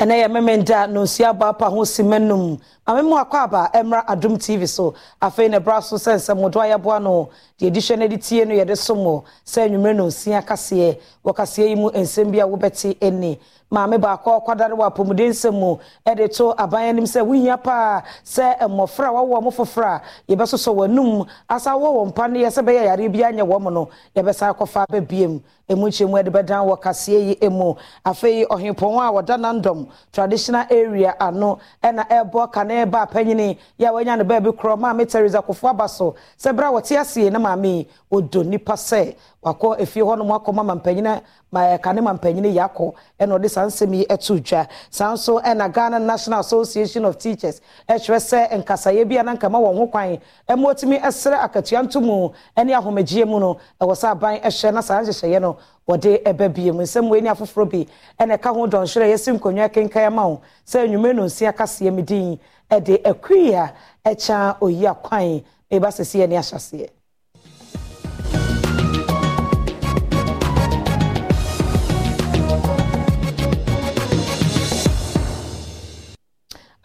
ɛnɛ yɛ memenda na osi aba pa ho si mɛnum maame mu akɔ aba ɛmra adum tv so afei na ɛbra so sɛ nsɛmodo ayɛboa no deɛ edi hwɛ no de tie no yɛde som sɛ nnwumire na osi akaseɛ wɔ kaseɛ yi mu nsɛm bi a wobɛte ɛni maame baako ɔkwadare wɔ apɔmudensɛm mu ɛde to aban anim sɛ wohia paa sɛ mmɔfra a wɔwɔ mo foforɔ a yɛbɛsosɔ w'anum asa wɔwɔ mpa no yɛ sɛ bɛyɛ yare bi anyɛ wɔ mo no yɛbɛsan akɔfa bɛbiem emu nkyɛn mu ɛde bɛdan wɔ kaseɛ yi mu afei ɔhempɔn a wɔda nandɔm traditional area ano ɛna ɛbɔ kane ba apɛnyini yɛ wɔanya ne baabi korɔ maame teresa kofo aba so sɛ bere wɔte aseɛ na maame yi ɔdɔ nipa sɛ wakɔ efie hɔ nom akɔ ma mampanyini ma ɛka ne mampanyini yɛ akɔ ɛna ɔde saa nsɛm yi ɛto dwa saa nso ɛna ghana national association of teachers ɛtwerɛ sɛ nkasaeɛ bi a na nkama wɔn ho kwan ɛmo tumi ɛsrɛ akatua ntomu ɛne ahomegyeɛ mu no ɛwɔ sɛ aban ɛhyɛ na saa nhyehyɛeɛ no wɔde ɛbɛ bie mu nsɛm wei ne afoforɔ bi ɛna ɛka ho dɔnhwerɛ yɛsi nkonnwa kenkan ma wo sɛ nnwuma no nsia kaseɛ me din ɛde akui a ɛkyɛn oyi akwan ɛba sɛsi ɛne ahyɛseɛ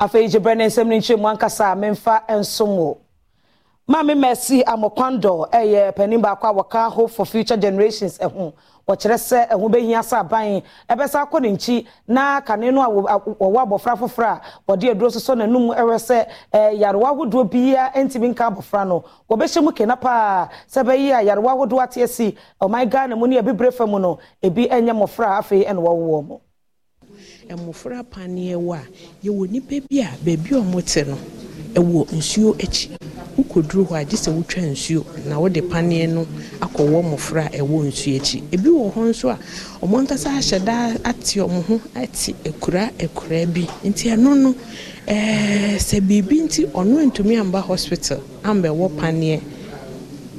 afei gye berɛ ne nsɛm no nkyerɛ mu ankasa a memfa nsom wo maame mercy amokwando ɛyɛ panin baako a wɔka hope for future generations ɛho wɔkyerɛ sɛ ɛho bɛhia sɛ aban ɛbɛsa akɔ ne nkyi na kane no a wɔwɔ abɔfra foforɔ a wɔde aduro soso n'anum ɛwɛ sɛ yarewa ahodoɔ biara ntumi nka abɔfra no wɔbɛhyɛ mu kena paa sɛ bɛyi a yarewa ahodoɔ ate asi ɔman oh ghana mu ne abibire fa no ebi nyɛ mmɔfra afei ɛna wɔwowɔ mu mmɔfra paneɛ wɔ a yɛwɔ nnipa bi a baabi a wɔte no ɛwɔ nsuo akyi wokɔduru hɔ a gye sɛ wotwa nsuo na wode paneɛ no akɔwɔ mmɔfra a ɛwɔ nsuo akyi ebi wɔ hɔ nso a ɔmo ankasa ahyɛ daa ate ɔmo ho ate akura akura bi nti ɛno no ɛɛ sɛ biribi nti ɔno ntumi amba hospital ambɛwɔ paneɛ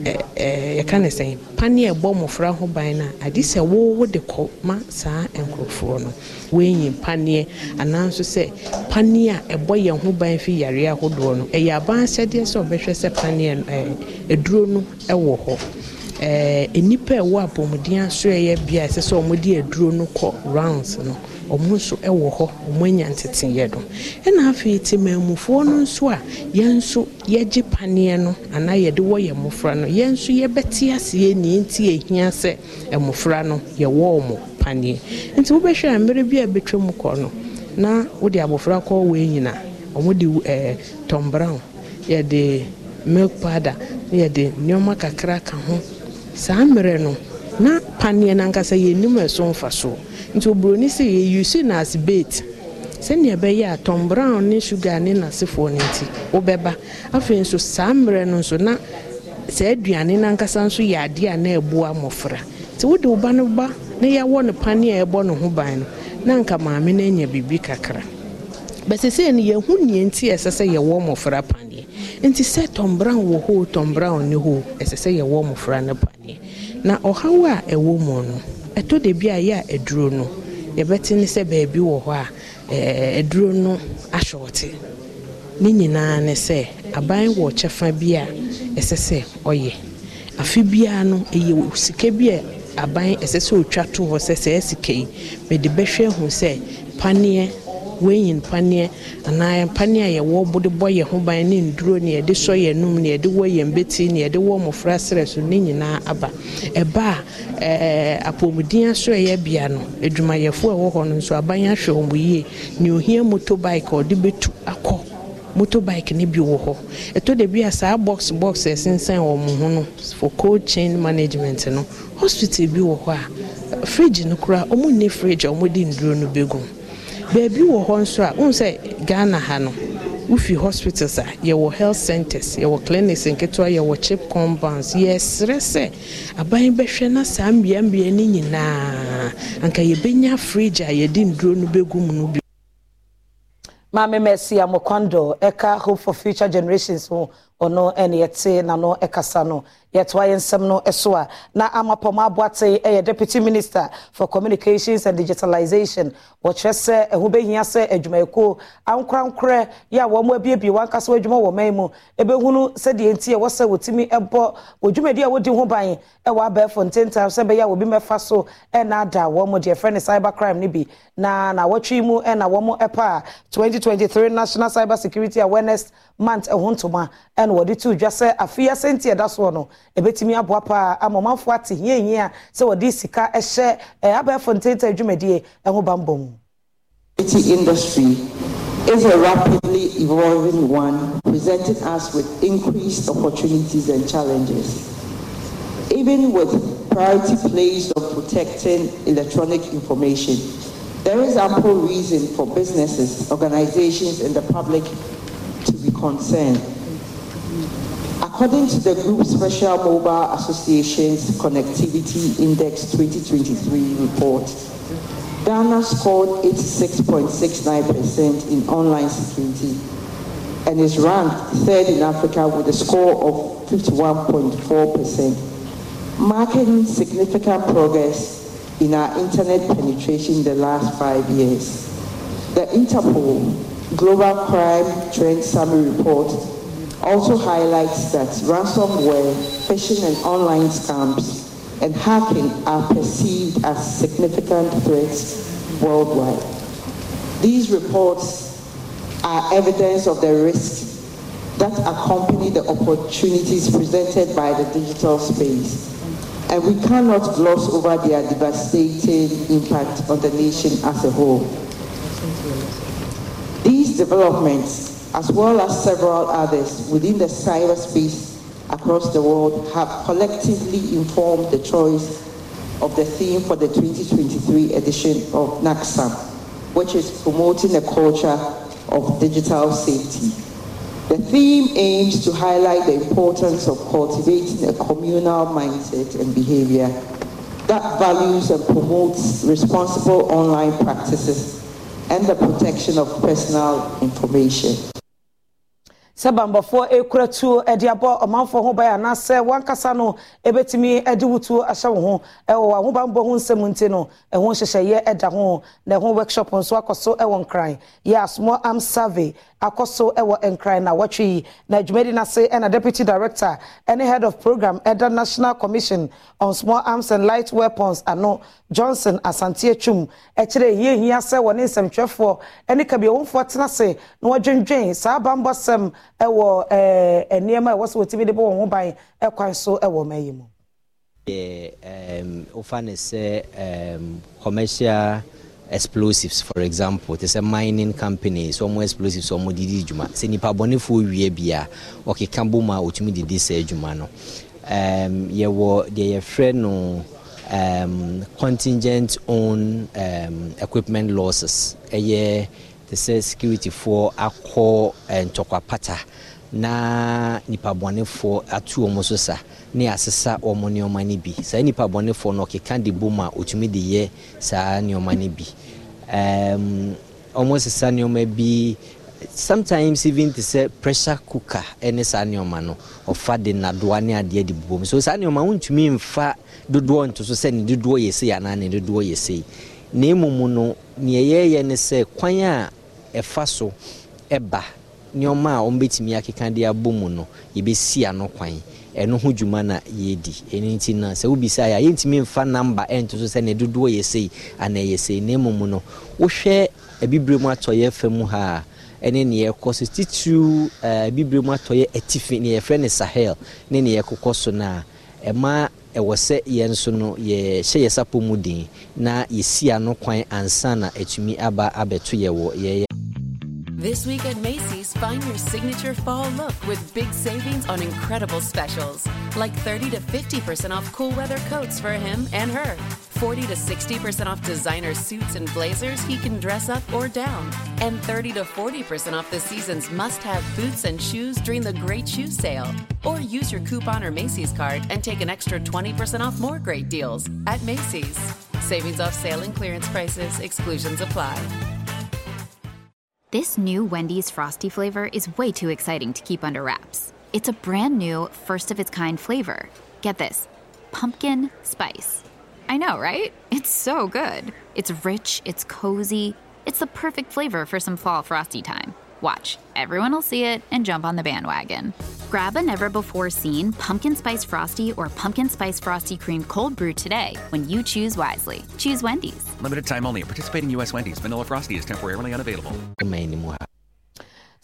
yɛka ne sɛn paneɛ ɛbɔ mmɔfra ho ban no a ade sɛ wowo de kɔ ma saa nkurɔfoɔ no woanyi paneɛ anaanso sɛ paneɛ a ɛbɔ yɛn ho ban fi yareɛ ahodoɔ no ɛyɛ abanhyɛdeɛ sɛ ɔbɛhwɛ sɛ paneɛ ɛduro no ɛwɔ hɔ nnipa ɛwɔ apɔmuden asoɛyɛ bea ɛsɛ sɛ ɔmode aduro no kɔ rounds no ɔmo nso wɔ hɔ ɔmo anya nteteyɛ do ɛna afei te maamufoɔ no nso a yɛn nso yɛgye paneɛ no anaa yɛde wɔ yɛn mmɔfra no yɛn nso yɛbɛte aseɛ nie nti ehia sɛ mmɔfra no yɛwɔ ɔmo paneɛ nti wobɛhwɛ a mmerɛ bi a ɛbɛtwa mu kɔ no na wode abɔfra kɔ wei nyina ɔmo de ɛɛ tom brown yɛde milk powder na yɛde nneɛma kakra ka ho saa mmerɛ no na paneɛ no ankasa yɛnim ɛso mfa soɔ nti oburoni si sɛ yɛyusi no as bait sɛnea ɛbɛyɛ a tom brown ne sugar ne nasefoɔ no nti wobɛba afei nso saa mmerɛ no nso na saa aduane no ankasa nso yɛ adeɛ a na ɛboa mmɔfra nti wode wo ba no ba na yɛawɔ no paneɛ a ɛbɔ ne ho ban no na anka maame no anya biribi kakra bɛsesei no yɛho nneɛ nti ɛsɛ sɛ yɛwɔ mmɔfra paneɛ nti sɛ tom brown wɔ hoo tom brown ne hoo ɛsɛ sɛ yɛwɔ mmɔfra no paneɛ na ɔhaw a ɛwɔ mu no ɛtɔ de bi a yɛ a aduro no yɛbɛte ne sɛ baabi wɔ hɔ a aduro no ahyɛwote ne nyinaa ne sɛ aban wɔ kyɛfa bi a ɛsɛ sɛ ɔyɛ afe biara no ɛyɛ sika bi a aban ɛsɛ sɛ ɔtwa to hɔ sɛ sɛ ɛsika yi bɛde bɛhwɛ ho sɛ paneɛ wɔnyi mpaneɛ anaa mpaneɛ a yɛwɔ de bɔ yɛn ho ban ne nduro ne yɛde sɔ yɛn num ne yɛde wɔ yɛn beti ne yɛde wɔ mmɔfra serɛ so ne nyinaa aba ɛba a ɛɛ apɔmuden aso a ɛyɛ bea no adwumayɛfoɔ a ɛwɔ hɔ no nso aban ahwɛ wɔn yie ne ohia motorbike a ɔde bɛtu akɔ motorbike ne bi wɔ hɔ ɛtɔ da bi a saa box box ɛsensan wɔn oh, ho no for cold chain management no hospital bi wɔ hɔ a fridge no kora wɔn nne fridge a wɔde nduro no bɛgu baabi wɔ hɔ nso a wohu sɛ ghana ha no wofi hospitals a yɛwɔ health centers yɛwɔ clinics nketewa yɛwɔ chip compounds yɛsrɛ sɛ aban bɛhwɛ na saa mmeammea no nyinaa anka yɛbɛnya fridge a yɛde nduro no bɛgu mu no bi maame mercy amokwando ɛka hope for future generations ho ɔno ɛna yɛte n'ano ɛkasa no yɛtoa yɛn nsɛm no ɛso a na amapɔma aboate ɛyɛ e deputy minister for communications and digitalization wɔkyerɛ sɛ ɛho e bɛhia sɛ adwumayɛkuo e ankorankorɛ yɛ a wɔn abiebie wɔn ankasa adwuma wɔ man mu ebɛhunu sɛdeɛ nti ɛwɔ sɛ wɔtumi ɛbɔ odwumadi a wɔdi ho ban ɛwɔ abɛɛfo ntentan sɛ bɛyɛ a wɔbi mɛfa so ɛna ada wɔn mo deɛ fɛn ne cyber crime ne bi na na wɔtwi mu ɛna wɔn ɛpa 2023 national cyber security awareness month ɛho ntoma ɛna na wɔde tu no aboa sika adwumadie industry is a rapidly evolving one, presenting us with increased opportunities and challenges. Even with priority placed on protecting electronic information, there is ample reason for businesses, organizations, and the public to be concerned. According to the Group Special Mobile Association's Connectivity Index 2023 report, Ghana scored 86.69% in online security and is ranked third in Africa with a score of 51.4%, marking significant progress in our internet penetration in the last five years. The Interpol Global Crime Trend Summary Report also highlights that ransomware, phishing and online scams, and hacking are perceived as significant threats worldwide. These reports are evidence of the risks that accompany the opportunities presented by the digital space. And we cannot gloss over their devastating impact on the nation as a whole. These developments as well as several others within the cyberspace across the world, have collectively informed the choice of the theme for the 2023 edition of NACSAM, which is promoting a culture of digital safety. The theme aims to highlight the importance of cultivating a communal mindset and behavior that values and promotes responsible online practices and the protection of personal information. sɛ bambɔfoɔ ekura tuo ɛde abɔ ɔmanfoɔ ho bɛyɛ anaasɛ wankasa no ebetumi ɛde wotuo ahyɛ wo ho ɛwɔ wɔn ahobanbɔ ho nsɛm nti no ɛho hyehyɛeɛ ɛda ho na ɛho workshop nso akɔ so ɛwɔ nkran yɛ asomɔ am survey akɔ Ewo wɔ nkran na wɔtwe yi na dwumadi n'ase na deputy director ne head of program at the national commission on small arms and light weapons ano johnson asante atwam kyerɛ ehia ehia sɛ wɔn ne nsɛmtwerɛfoɔ ne kabiawomfoɔ tena se na wɔdwendwen saa bambɔsɛm wɔ ɛɛ nneɛma a ɛwɔ so wɔtumi de bɔ wɔn ho ban kwan so wɔ ɔman yi mu. deɛ wofa ne commercial. explosives for example te sɛ mining companies wɔn explosives wɔn de di dwuma sɛ nipa bɔnefoɔ wie bia ɔkeka bom a ɔtumi de di sɛ dwuma no um, yɛwɔ deɛ yɛfrɛ no um, contingent own um, equipment losses ɛyɛ e te sɛ security foɔ akɔ eh, ntɔkwapata na nipa bɔnefoɔ atu wɔn so sa ne asesa wɔn nneɛma no bi saa nipa bɔnefoɔ no ɔkeka de bom a ɔtumi de yɛ saa nneɛma no bi um, wɔsesa nneɛma bi sometimes even te sɛ pressure cooker ne saa nneɛma no ɔfa de nadoa ne adeɛ de bobom so saa nneɛma wontumi mfa dodoɔ nto so sɛ ne dodoɔ yɛ sei anaa ne dodoɔ yɛ sei na mmom no neɛ yɛyɛ ne sɛ kwan a ɛfa so ɛba nneɛma a wɔmbɛtumi akeka de abɔ mu no yɛbɛsi ano kwan ɛno ho dwuma na yɛdi ɛno nti na sɛ wobisa yɛ a yɛntumi mfa namba ɛnto so sɛne dodoɔ yɛ sei anaa yɛ sei na mmom no wohwɛ abibire eh, mu atɔyɛ fa mu ha a ɛne neɛ ɛkɔ so titiriw abibire eh, mu atɔyɛ atifi neɛ yɛfrɛ no sahel ne neɛ ɛkokɔ so no a ɛma ɛwɔ sɛ yɛn nso no yɛhyɛ yɛ sapo mu den na yɛsi ano kwan ansa na atumi aba abɛto yɛ wɔ yɛyɛ This week at Macy's. Find your signature fall look with big savings on incredible specials like 30 to 50% off cool weather coats for him and her, 40 to 60% off designer suits and blazers he can dress up or down, and 30 to 40% off the season's must have boots and shoes during the Great Shoe Sale. Or use your coupon or Macy's card and take an extra 20% off more great deals at Macy's. Savings off sale and clearance prices, exclusions apply. This new Wendy's Frosty flavor is way too exciting to keep under wraps. It's a brand new, first of its kind flavor. Get this pumpkin spice. I know, right? It's so good. It's rich, it's cozy, it's the perfect flavor for some fall frosty time. Watch, everyone will see it and jump on the bandwagon. Grab a never before seen pumpkin spice frosty or pumpkin spice frosty cream cold brew today when you choose wisely. Choose Wendy's. Limited time only. Participating U.S. Wendy's. Vanilla Frosty is temporarily unavailable.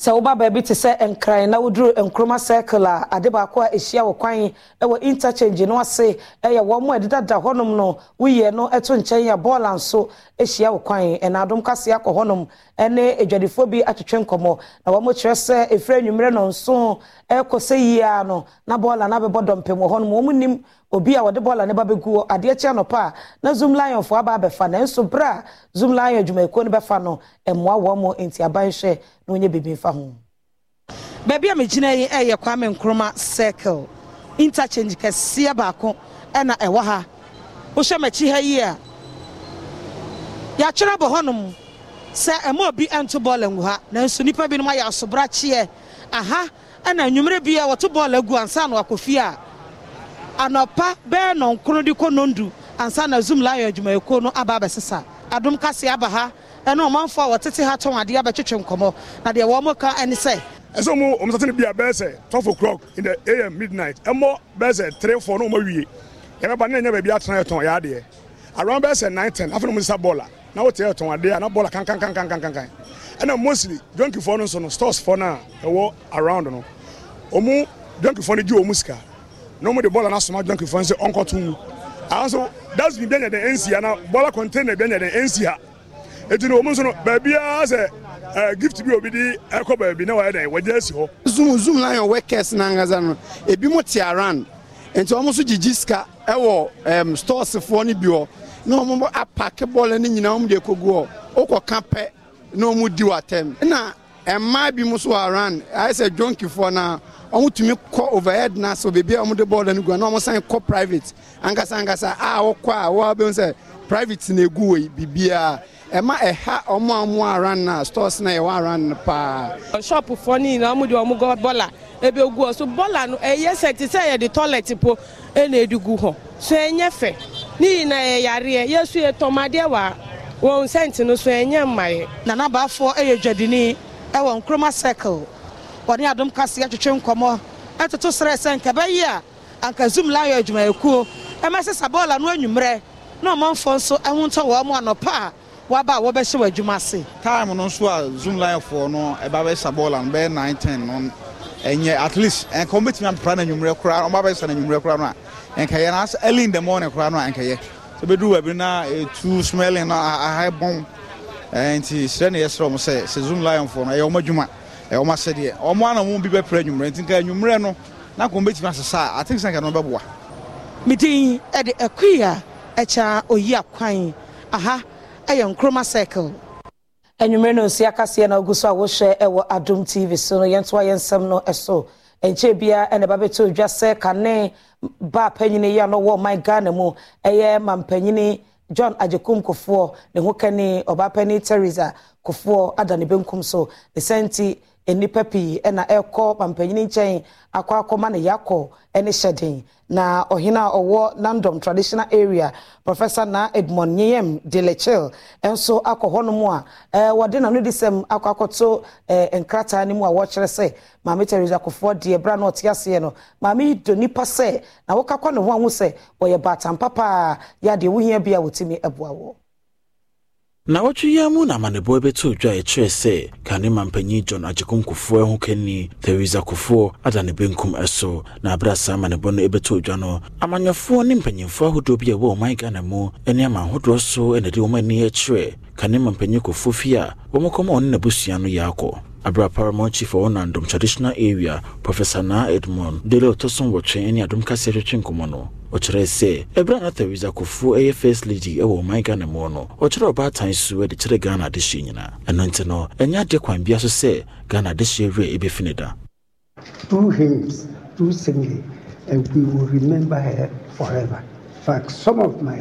sɛ woba baabi te sɛ nkran na woduru nkroma circle a ade baako a ɛhyia wɔ kwan ɛwɔ interchange no ase ɛyɛ wɔn mo ɛdedada hɔnom no woyɛ no ɛto nkyɛn a bɔɔla nso ɛhyia wɔ kwan ɛna adom kaseɛ akɔ hɔnom ɛne adwadifoɔ bi atwitwe nkɔmmɔ na wɔn kyerɛ sɛ efiri enyimire no nso ɛkɔ sɛ yie a na bɔɔla no abɛbɔ dɔmpem wɔ hɔnom wɔn nim obi a wɔde bɔɔla ne ba bɛgu hɔ adeɛ kyɛ no pa a na zoom lion foɔ aba abɛfa na nso berɛ a zoom lion adwumayɛkuo no bɛfa no mmoa wɔn mo nti abanhwɛ na onye biribi mfa ho baabi a megyina yi ɛyɛ kwame nkroma circle interchange kɛseɛ baako ɛna ɛwɔ ha wohyɛ m'akyi ha yi a yɛatwerɛ bɔ hɔnom sɛ ɛma obi ɛnto bɔɔla ngu ha nanso nnipa binom ayɛ asobrakyeɛ aha ɛna nnwumerɛ bi a wɔto bɔɔla agu ansa na wakɔfie a anɔpa bɛyɛ nɔnkron de kɔ nondu ansa na zoom lion adwumayɛkuo no aba abɛsesa adom kase aba ha ɛne ɔmanfoɔ a wɔtete ha tɔn adeɛ abɛtwetwe nkɔmmɔ na deɛ wɔn ka ne sɛ ɛsɛ mu ɔmsatene bia bɛyɛ sɛ 12 o'clock in the am midnight ɛmmɔ bɛyɛ sɛ 3 4 na ɔma wie yɛbɛba ne ɛnyɛ baabi atena yɛtɔn yɛ adeɛ around bɛyɛ sɛ 9 10 afei no mu sisa bɔɔla na wote yɛtɔn adeɛ a na bɔɔla kankankankankankan ɛna mostly dwankifoɔ no nso no stores foɔ no a ɛwɔ around no ɔmu dwankifoɔ no gye ɔmu sika na wɔn de bɔɔla n'asoma adwan kefan sɛ ɔnkɔto mu ahosuo dasbin bɛn yɛ dɛ nsi ha na bɔɔla kɔntena bɛn yɛ dɛ nsi ha eti na wɔn nso no baabiara sɛ ɛɛ gift bi obi di ɛkɔ baabi na wɔyɛ dɛ wɔgye esi hɔ. zoom zoom na yɛ workers n'angaza no ebi mo te around nti wɔn nso gyigyi sika ɛwɔ ɛɛm stores foɔ no bi hɔ na wɔn apaki bɔɔla no nyinaa wɔn de ekogu hɔ okɔka pɛ na wɔn di wɔ atɛm na eh, mmaa bi mo so wɔ around ayɛ sɛ jonkifoɔ naa. ɔmotumi kɔ overhead nurse o beebi a ɔmo de bọọlụ no gu na ɔmo san kọ private ankasa ankasa a wɔkɔ a wɔabɛn sɛ private na egwu wɔ yi bibiara ɛma ɛha ɔmo a ɔmo aran na stores na ɛwɔ aran no paa. shop fɔ ne na ɔmo de ɔmo gɔ bɔla ebe gu hɔ so bɔla no ɛyɛ sɛ te sɛ yɛde toilet po ɛna ɛde gu hɔ so ɛnyɛ fɛ ne nyinaa yɛ yareɛ yɛ so yɛ tɔmadeɛ wa wɔn sɛnti no so ɛnyɛ mmaeɛ. nanabaafo ɛyɛ dwadini ɛwɔ nkroma circle wɔne adom kaseɛ twetwe nkɔmmɔ ɛtoto serɛ sɛ nka bɛyi a anka zoom la yɛ adwumayɛkuo ɛmɛsesa bɔɔla no anwummerɛ na ɔmanfoɔ nso ɛho ntɔ wɔn mu anɔpa a waba a wɔbɛhyɛ wɔ adwuma ase. time no nso a zoom linefoɔ no ɛba bɛsa bɔɔla no bɛyɛ nine ten no ɛnyɛ at least nka wɔn bɛtumi apra na nwummerɛ koraa wɔn abɛsa na nwummerɛ koraa no a nka yɛ n'asɛ early in the morning koraa no a nka yɛ bɛduru baabi na etu smelling na aha bɔn ɛɛ nti srɛ na yɛsrɛ wɔn sɛ sɛ zoom linefoɔ no ɛyɛ wɔn adwuma. ɔmo asɛ deɛ ɔmo ana ɔmo bi bɛpere anwummerɛ nti nka anwummerɛ no na kò asesa a ati sɛ nka no bɛboa. midin ɛde ɛkuya ɛkyɛ oyi akwan aha ɛyɛ a ɛwɔ tv so no yɛn nsɛm no ɛso nkyɛn ɛna ɛba bɛtɔ odwa a no wɔ ɔman ghana mu ɛyɛ john kofoɔ ne ho ɔbaa panyin teresa kofoɔ ada ne benkum so ne sɛnti nnipa pii na ɛrekɔ mampanyini nkyɛn akɔ akɔma ne yakɔ ne hyɛden na ɔhene a ɔwɔ nandom traditional area professor na edmond nyeyem de lechil nso akɔ hɔnom a wɔde n'ano de sɛm akɔ akɔto nkrataa no mu a wɔkyerɛ sɛ maame teresa kofoɔ deɛ bra na ɔte aseɛ no maame yi do nipa sɛ na wɔkakɔ ne ho ahu sɛ ɔyɛ baatam papaa yɛ adeɛ wohia bi a wɔtumi boa wɔ nnawɔtwe yia mu na amanebɔ bɛtoo dwa a ɛkyerɛ sɛ ma mpanyin john agyekom kufoɔ ho kani theresa kufoɔ ada ne benkum ɛso na aberɛ saa amanneɛbɔ no ɛbɛtoo dwa no amanyɔfoɔ ne mpanyimfoɔ ahodoɔ bi a ɛwɔ ɔman ghana mu ne amanhodoɔ so na de wɔn ani ɛkyerɛ ma mpanyin kufoɔ fie a wɔn kɔma ɔne n'abusua no yɛ akɔ abra paramount chief wɔ nandom traditional area professor naa edmond dele ɔtɔ so nwɔtwe ne adom kaseɛ twetwe no ɔkyerɛ sɛ ɛberɛ ɛyɛ first lady ɛwɔ ɔman ghana mu no ɔkyerɛ ɔbaatan so ɛde kyerɛ ghana adehyeɛ ɛno nti no ɛnyɛ kwan bia so sɛ ghana adehyeɛ werɛ da two hymns two singing and we will remember her forever some of my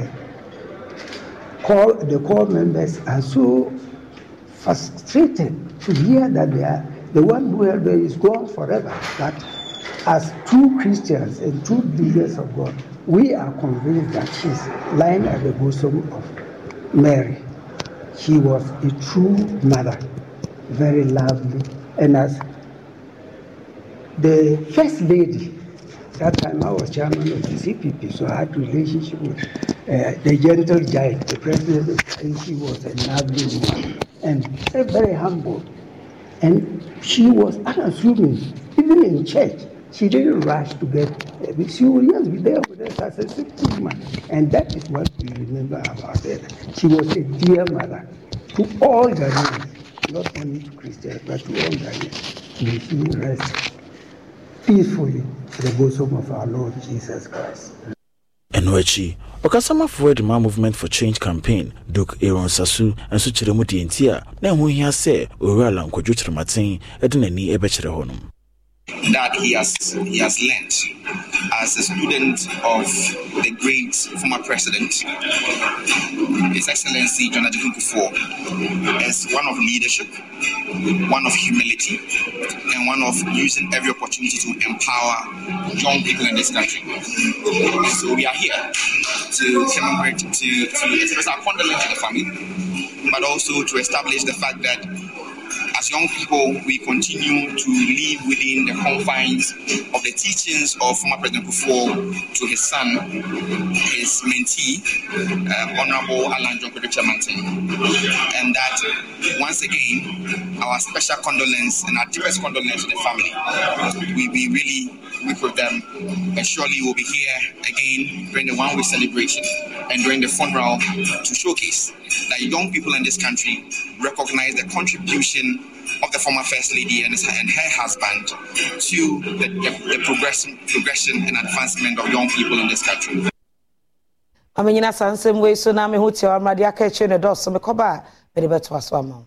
call the call members are so frustrated to hear that they are the one who gone forever but as two Christians and two believers of God, we are convinced that she's lying at the bosom of Mary. She was a true mother, very lovely. And as the first lady, that time I was chairman of the CPP, so I had relationship with uh, the gentle giant, the president, and she was a lovely woman and very humble. And she was unassuming, even in church. She didn't rush to get, eh, she was just there with us as a sick woman. And that is what we remember about her. She was a dear mother to all Ghanaians, not only to Christians, but to all Ghanaians. May she rest peacefully in the bosom of our Lord Jesus Christ. ɛno akyi ɔkasamafoɔ de ma movement for change campaign dok aron sasu nso kyerɛ mu deɛ nti a na ɛho hia sɛ owura alankwadwo kyerɛmaten de n'ani bɛkyerɛ hɔ nom that he has he has learned as a student of the great former president, His Excellency John Adjikun as one of leadership, one of humility, and one of using every opportunity to empower young people in this country. So we are here to commemorate, to, to express our fondness to the family, but also to establish the fact that as young people, we continue to live within the confines of the teachings of former President Kufuor to his son, his mentee, um, Honorable Alan John And that, once again, our special condolence and our deepest condolence to the family. We, we really weep with them, and surely we'll be here again during the one-way celebration and during the funeral to showcase that young people in this country recognize the contribution of the former First Lady and, her husband to the, the, the progression, progression and advancement of young people in this country. I mean, amenyina saa nsɛm wei so na meho tia wamrade aka akyire no dɔɔso mekɔba a mede bɛtoa so ama wo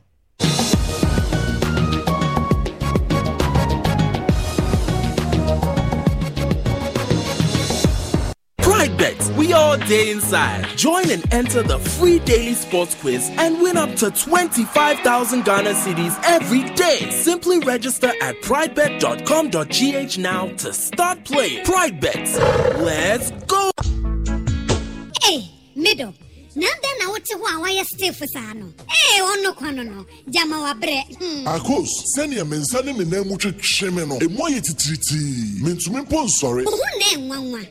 bet. We all day inside. Join and enter the free daily sports quiz and win up to 25,000 Ghana cities every day. Simply register at pridebet.com.gh now to start playing. Pride Bet. Let's go. Hey, middle. na dɛn na wote hɔ a wayɛ stefo saa no ee ɔno kwa no no gyama wabrɛ hmm. akos sɛnea me nsa ne me nan mu twetwe me no ɛmu ayɛ titiritii mentumi mpo nsɔre ohu na ɛnwanwa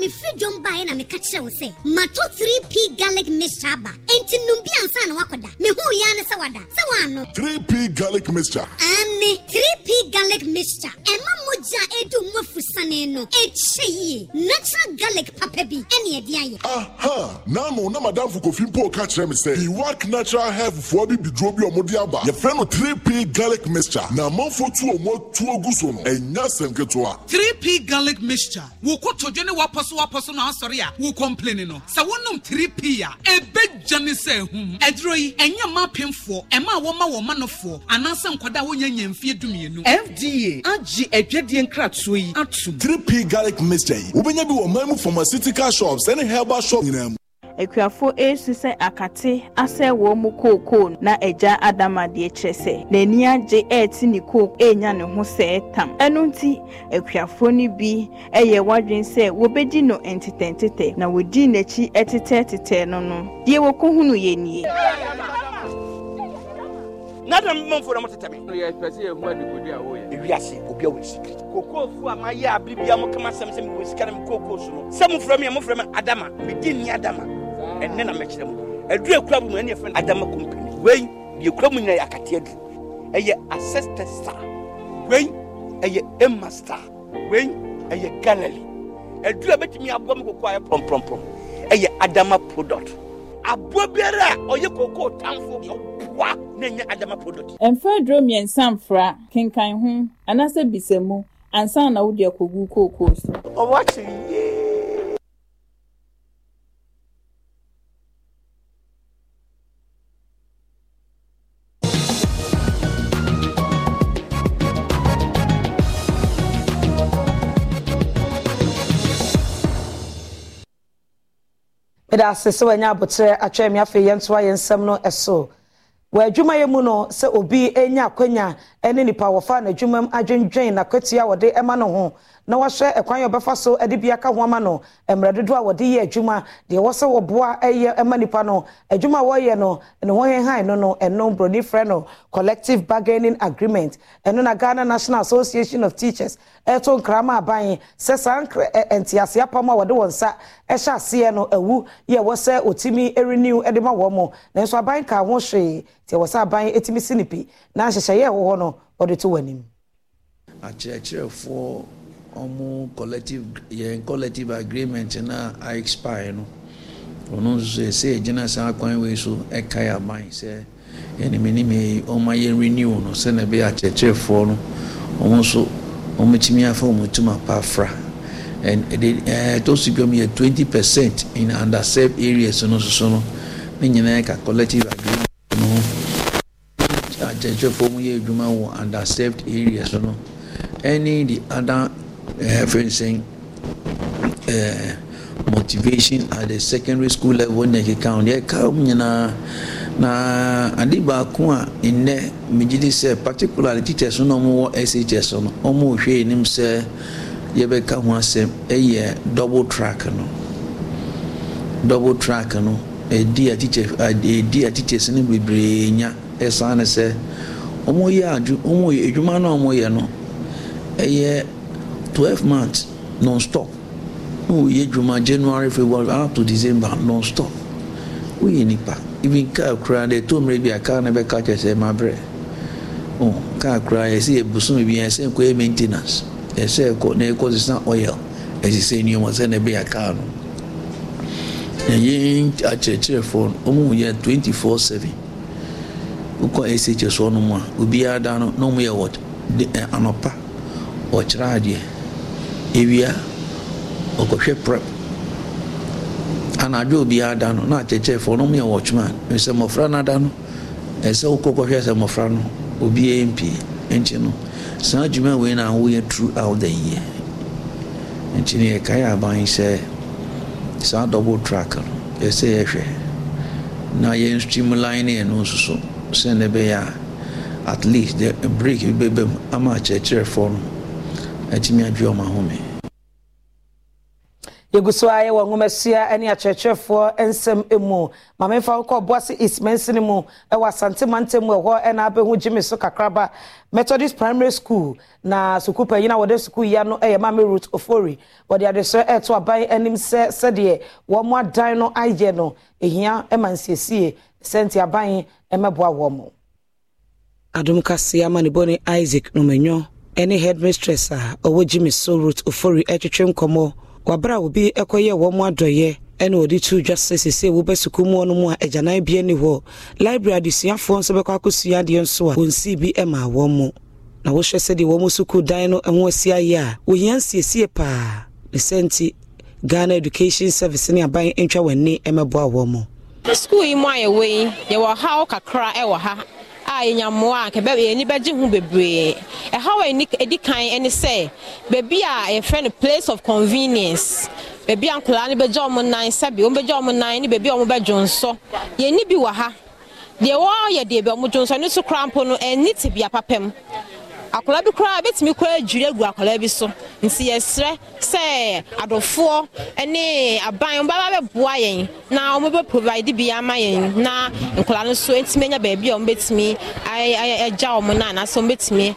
mefiri dwom baeɛ na meka kyerɛ wo sɛ mato 3p garlic mixture aba enti num ansa na woakɔda mehuu yɛa ne sɛ wada sɛ woano 3p garlic mixture ame 3p garlic mixture ɛma mogya a ɛdu mu afusane no ɛkyɛ yie natural garlic papa bi ɛne ɛde ayɛ aha nano na madamfo kofi mpo ka kyerɛ me sɛ iwak natural healthfoɔ bi biduro bi ɔmode aba yɛfrɛ no 3p garlic mixture na amanfo tu ɔmo atu agu so no ɛnya sɛnketewa 3p garlic mixture wo kotodwe ne wapɔ so wapɔ so na asɔre a wo complain no sɛ wonom 3p a ɛbɛgya ne sɛ ahum ɛduro yi ɛnyɛ mma apemfoɔ ɛma a wɔma wɔn manofoɔ anaasɛ nkɔda a wonya nya mfie dumienu fda agye adwadeɛ nkratoɔ yi atom 3p garlic mixture yi wobɛnya bi wɔ man mu pharmaceutical shops ɛne herbal shops. nyinaa mu akuafoɔ ɛresu sɛ akate asɛ wɔn mu kookoo na agya adamadeɛ kyerɛ sɛ n'ani agye ɛrete ne kook ɛrenya ne ho sɛɛ tam ɛno nti akuafoɔ no bi ɛyɛ wadwen sɛ wɔbɛdi no ntetɛntetɛ na wɔdi n'akyi ɛtetɛtetɛ no no deɛ wɔkɔhunu yɛ nie nada mmɔmfo na motete me yɛpɛ sɛ yɛhu adekodu a woyɛ ewiase obi a wɔ sikiri kokoofo a mayɛ aberɛ bia mokama sɛm sɛ mewɔ sika na mekɔkoo so no sɛ mofrɛ me a mofrɛ me adama medi nni adama ɛnɛ na mɛkyerɛ mu aduru ekura bu mu ɛne yɛfrɛ no adama kompani wei deɛ ekura mu nyinaa yɛ akateɛ du ɛyɛ asɛsɛ star wei ɛyɛ emma star wei ɛyɛ galilei aduru a bɛtumi aboa mu koko ayɛ pɔmpɔmpɔm ɛyɛ adama product aboa biara a ɔyɛ koko tanfo ɔboa na ɛnyɛ adama product. mfra duro mmiɛnsa mfra kenkan ho anaasɛ bisamu ansa na wodi akɔgu kookoo so. ɔwɔ akyere yie. ɛda ase sɛ wɔanya abotrɛ atwa mi afei yɛn ntoa yɛn nsɛm no ɛso wɔ adwuma yɛ mu no sɛ obi enya akwanya ne nipa wɔfa n'adwuma mu adwendwen n'akwatua wɔde ma no ho na wɔhwɛ ɛkwan a wɔbɛfa so de bi aka ho ama no mmerɛ dodoɔ a wɔde yɛ adwuma deɛ wɔsɛ wɔboa ɛyɛ ma nipa no adwuma e a wɔyɛ no ne ho hehan no no ɛno buroni frɛ no collective bargaining agreement ɛno na ghana national association of teachers ɛto nkrama aban sɛ saa e ntease apam a wɔde wɔn nsa ɛhyɛ e aseɛ no awu yɛ wɔsɛ otimi renew de ma wɔn mo nanso aban ka ho hwee deɛ wɔsɛ aban tumi si ne pi na nhyehyɛeɛ ɛwɔ hɔ no ɔde to w'anim. akyerɛkyerɛfoɔ collective agreement na a expire no ɔno nso sɛ ɛgyina saa kwan wei so ɛka yɛ aban sɛ ɛnim anim yi ayɛ renew no sɛnɛ ɛbɛyɛ akyerɛkyerɛfoɔ no nso ɔmo afa tum eh, eh, so yɛ percent no soso no ka collective agreement. akyerɛkyerɛfoɔ mu yɛ adwuma wɔ underserved areas no ɛne the other uh, for eh, motivation at the secondary school level ne keka ho deɛ ɛka mu nyinaa na ade baako a nnɛ megye di sɛ particularly teachers no ɔmo wɔ shs no ɔmo hwɛ anim sɛ yɛbɛka ho asɛm ɛyɛ e double track no double track no ɛdi e e a teachers ɛdi a teachers no bebree nya ɛsan ne sɛ. wɔn yɛ adu wɔn yɛ adwuma no wɔn yɛ no ɛyɛ twelve months non stop na wɔyɛ adwuma january february up to december non stop wɔyɛ nipa ibi kaa kura de to mmerɛ bi a kaa na bɛka kyerɛ sɛ ɛma brɛ ɔ kaa kura yɛsɛ yɛ bosom bi yɛsɛ nkɔ yɛ maintenance yɛsɛ ɛkɔ na ɛkɔ sisa oil ɛsisɛ nneɛma sɛ na ɛbɛyɛ kaa no na yɛn akyerɛkyerɛfoɔ no wɔn yɛ twenty four seven. wokɔ ɛsɛkyɛ soɔ no mu a obiara da no na ɔmo yɛ wɔ eh, anɔpa ɔkyerɛ adeɛ ewia ɔkɔhwɛ prep anadwo obiara da no na akyɛkyɛfoɔ na ɔmo yɛ wɔtwema sɛ mmɔfra no ada no ɛsɛ wokɔ kɔhwɛ sɛ mmɔfra no obiara mpie nkyɛn no saa adwuma wei na woyɛ throughout the year nkyɛn yɛ kae aban sɛ saa double track no ɛsɛ yɛhwɛ na yɛn streamline no nso so. sɛne ɛbɛyɛ a at least the break bi bɛbɛ mu ama akyerɛkyerɛfoɔ no atumi adwe ɔma home yɛgu so a yɛwɔ nwomahyia ne akyerɛkyerɛfoɔ nsɛm mu mamemfa wokɔ boase ismansi no mu ɛwɔ asante mantam mu ɛhɔ ɛna abɛhu gye so kakraba methodist primary school na sukuu panyin a wɔde sukuu ya no e yɛ mame root ofori wɔde adesrɛ ɛto e aban anim sɛ sɛdeɛ wɔn adan no ayɛ no ehia e ma nsiesie sɛnti aban mɛboa wɔn mo adom kase ama ne bɔne isaac nomanyo ne headmistress a ɔwɔ gye so Rut ofori twetwe nkɔmmɔ wabra obi ɛkɔyɛ wɔn adɔyɛ ɛna wɔde tu dwa sɛ sese wo bɛsuku mu no mu a agyanan bia ni hɔ library adesuafoɔ nso bɛkɔ akɔsua adeɛ nso a wɔnsi bi ɛma wɔn mu na wohwɛ sɛdeɛ wɔn sukuu dan no ɛho asi ayɛ a wɔhia nsiesie paa ne sɛ nti ghana education service ne aban ntwa wɔn ani ɛmɛboa wɔn mu. sukuu yi mu ayɛwɔ yi yɛwɔ e ha kakra ɛwɔ ha a yɛnyamoa a yɛni bɛgye ho bebree ɛhaw a ɛdi kan ne sɛ baabi a yɛfrɛ no place of convenience baabi a nkwadaa no bɛgye wɔn nan sɛbi wɔn bɛgye wɔn nan ne baabi a wɔn bɛdwo nsɔ yɛni bi wɔ ha deɛ wɔyɛ deɛ bi wɔn dwo nsɔ ne so koraa mpo no ɛni te bia papam akwadaa bi koraa bɛtumi kɔ adwiri agu akwadaa bi so nti yɛsrɛ sɛ adɔfoɔ ne aban wɔbɛba bɛboa yɛn na wɔbɛ provide bi ama yɛn na nkwadaa no nso ntumi anya baabi a wɔbɛtumi agya wɔn na anaasɛ wɔbɛtumi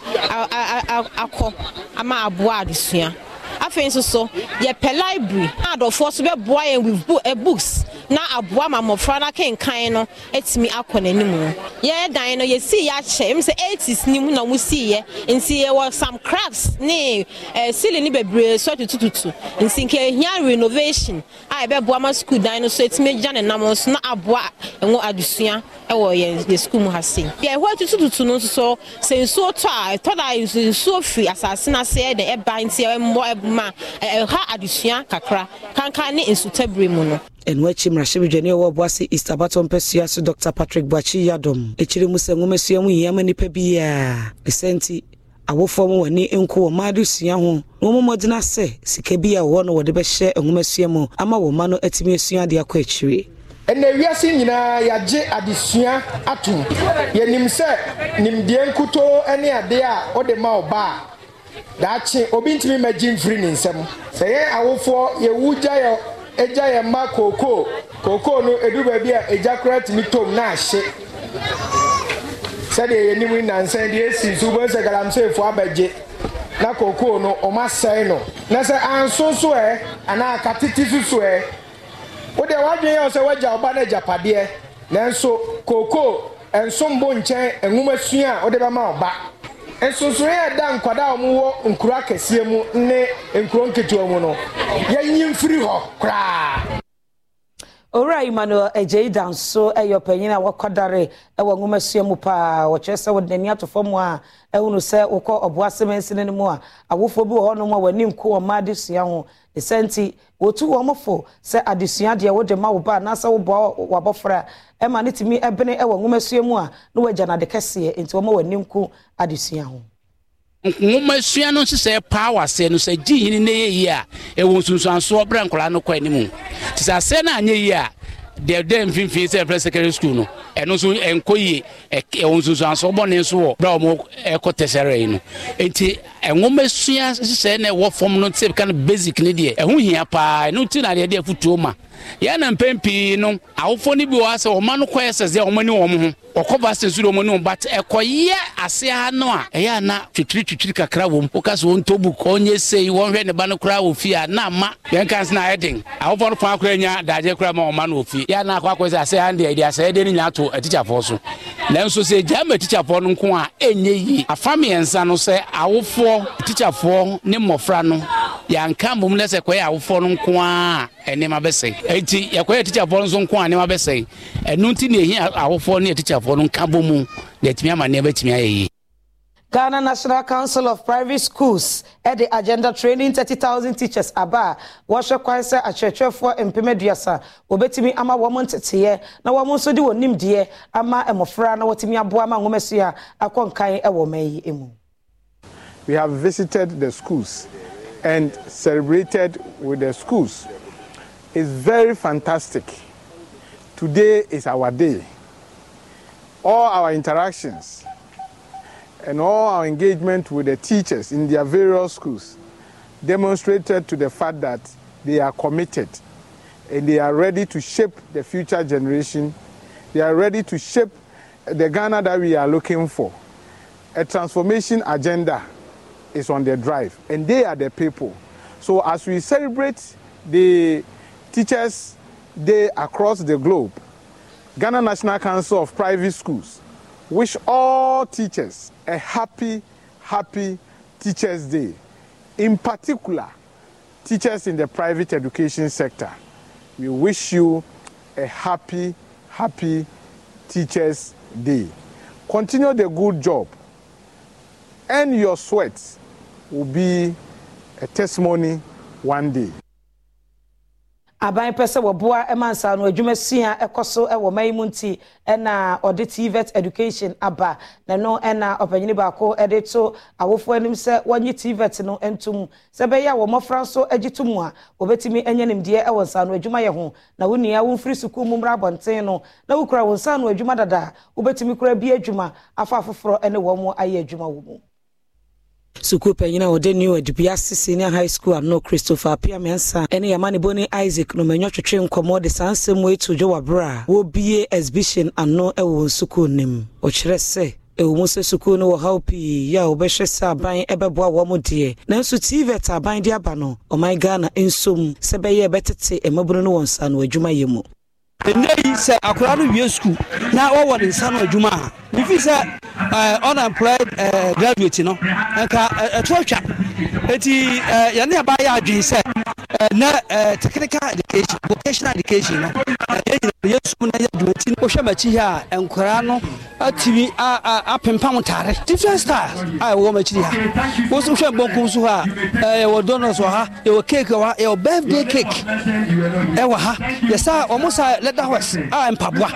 akɔ ama aboa adesua afei nso so yɛpɛ library na adɔfoɔ so bɛboa yɛn with book, eh, books na aboa ma mmɔfra no akenkan no atumi akɔ n'anim yɛn dan no yɛsii yɛ akyɛ ɛmu sɛ 80s ni mu na wɔn siiɛ nti yɛwɔ some cracks ne eh, ceiling ne bebree so tutututu nti nkehia renovation a yɛbɛboa ma school dan no so atumi agya ne nam so na aboa ɛwɔ adesua ɛwɔ yɛn yɛ school mu ha se yɛhɔ tutututu no nso so sɛ nsuo tɔ a ɛtɔ da nsuo firi asase no ase ɛde ɛba nti ɛmmɔ adwuma ɛha eh, eh, adesua kakra kanka ne nsutabire mu no ɛno akyi mmarahyɛbadwani ɛwɔ ɔboase east abatɔ mpɛsua so dr patrick boakye yadom ɛkyiri mu sɛ nwomasua mu hiama nnipa bi a ɛsɛ nti awofoɔ mu wɔne nko wɔ mmaa de sua ho na wɔn mmɔdena sɛ sika bi a wɔwɔ no wɔde bɛhyɛ nwomasua mu ama wɔn mma no atumi asua adeɛ akɔ akyire ɛnna wiase nyinaa yagye adesua atom yɛnim sɛ nimdeɛ nkutoo ne adeɛ a ɔde ma ɔbaa daakye obi ntumi mmagye mfiri ne nsam sɛ yɛn awofoɔ yɛwu gya yɛ agya yɛn mma kookoo kookoo no edu baabi a egya koraa tumi tom na ahye sɛdeɛ yɛn anim nansan deɛ esi nso wɔn sɛ galamseefoɔ abɛgye na kookoo no wɔn asɛn no na sɛ anso so ɛ anaa akatete soso ɛ wodeɛ wadwene yɛ sɛ wagya ɔba no agyapadeɛ nanso kookoo nsombo nkyɛn nwoma sua a wɔde bɛma ɔba. nsonson yɛ da nkwadaa a wɔwɔ nkuro akɛseɛ mu ne nkuro nketewa mu no yɛnyi mfiri hɔ koraa owura emmanuel agyei da nso yɛ ɔpanyin a wɔkɔdare wɔ nwomasua mu paa wɔkyerɛ sɛ wode n'ani ato fam a ɛhunu sɛ wokɔ ɔboasɛm nsene no mu a awofoɔ bi wɔ hɔnom a w'ani nko ɔma adesua ho ne sɛ nti wɔtu wɔn fo sɛ adesua deɛ wode ma wo ba anaasɛ woboa w'abɔfra a e ɛma ne tumi e bene wɔ nwomasua mu a na wagya no ade kɛseɛ nti wɔma w'ani nko adesua ho nwoma esua no nhyehyɛ paa wɔ aseɛ no sɛ gye yini na yɛ yie a ɛwɔ nsonsansoɔ brɛ nkɔla no kɔ anim te sɛ aseɛ no anyɛ yie a deɛ dɛ mfimfini sɛ ɛfrɛ secondary school no ɛno nso ɛnkɔ yie ɛwɔ nsonsansoɔ bɔne nso wɔ brɛ wɔn ɛkɔ tɛsɛrɛ yi no nti nwoma esua nhyehyɛ na ɛwɔ fam no sɛ ɛka no basic ne deɛ ɛho hia paa ɛno ti na adeɛ deɛ afutuo ma ya na mpɛn pii no awofoɔ no bi wɔ asɛ ɔma no kɔyɛ sɛ sɛ ɔma wɔn ho ase ha a ɛyɛ ana twitiri twitiri kakra wɔm woka wɔn tobu ɔnyɛ seyi wɔn hwɛ ne ba no koraa wɔ na ma. yɛn awofoɔ no koraa ma ɔma no wɔ akɔ akɔ ase ha deɛ so nanso sɛ atikyafoɔ no nko a ɛnyɛ yie afa mmiɛnsa no sɛ awofoɔ atikyafoɔ nti yɛkɔyɛ tikyafoɔ nso nko a nneɛma bɛsɛe ɛno nti na ɛhi awofoɔ ne tikyafoɔ no nka bɔ mu na atumi ama nneɛma atumi ayɛ yie Ghana National Council of Private Schools ɛde agenda training thirty thousand teachers aba a wɔhwɛ kwan sɛ akyerɛkyerɛfoɔ mpem aduasa wɔbɛtumi ama wɔn nteteeɛ na wɔn nso de wɔn nimdeɛ ama mmɔfra na wɔtumi aboa ma nwoma so a akɔ nkan ɛwɔ mɛ yi mu. We have visited the schools and celebrated with the schools. is very fantastic. Today is our day. All our interactions and all our engagement with the teachers in their various schools demonstrated to the fact that they are committed and they are ready to shape the future generation. They are ready to shape the Ghana that we are looking for. A transformation agenda is on the drive, and they are the people. So as we celebrate the Teachers Day across the globe, Ghana National Council of Private Schools wish all teachers a happy, happy Teachers Day. In particular, teachers in the private education sector, we wish you a happy, happy Teachers Day. Continue the good job. And your sweat will be a testimony one day. aban pɛ sɛ wɔboa ma nsa no adwuma sua ɛkɔ so wɔ ma mu nti ɛna ɔde tvet education aba na no ɛna ɔpanyini baako de to awofoɔ anim sɛ wɔnye tvet no ntom sɛ ɛbɛyɛ a wɔn mmɔfra nso agye to mu a wɔbɛtumi anya nimdeɛ wɔ nsa no adwuma yɛ ho na wo nua womfiri sukuu mu mmra abɔnten no na wokura wo nsa no adwuma dada wobɛtumi kora bi adwuma afa afoforɔ ne wɔn ayɛ adwuma wɔ mu sukuu panyin a wɔde new adubia sisi ne high school ano christopher apiamensa ne yamani ne isaac nomanyo twetwe nkɔmmɔ de saa nsɛm wei to dwo wabrɛ a wɔbie exhibition ano wɔ wɔn sukuu no mu ɔkyerɛ sɛ ɛwɔ mu sɛ sukuu no wɔ haw pii yɛ a wɔbɛhwɛ sɛ aban ɛbɛboa wɔn mo deɛ nanso tvet aban de aba no ɔman ghana nsom sɛ bɛyɛ ɛbɛtete mmabunu no wɔ nsa no adwumayɛ mu ɛnɛ yi sɛ akwadaa no wie sukuu na wɔwɔ ne nsa no adwuma a nifi sɛ ɛɛ unemployed graduate no nka ɛto atwa eti ɛɛ yɛn ne ɛba yɛ adwene sɛ ɛnɛ technical education vocational education no ɛyɛ nyinaa yɛ sukuu na yɛ adwuma ti no wohwɛ m'akyi yɛ a nkwadaa no atumi a a apempam ntaare different styles a ɛwɔ m'akyi ha wosu hwɛ mbɔnkum so ha ɛɛ yɛwɔ donuts wɔ ha yɛwɔ cake wɔ ha yɛwɔ birthday cake ɛwɔ ha yɛsa wɔn sa leather horse a mpaboa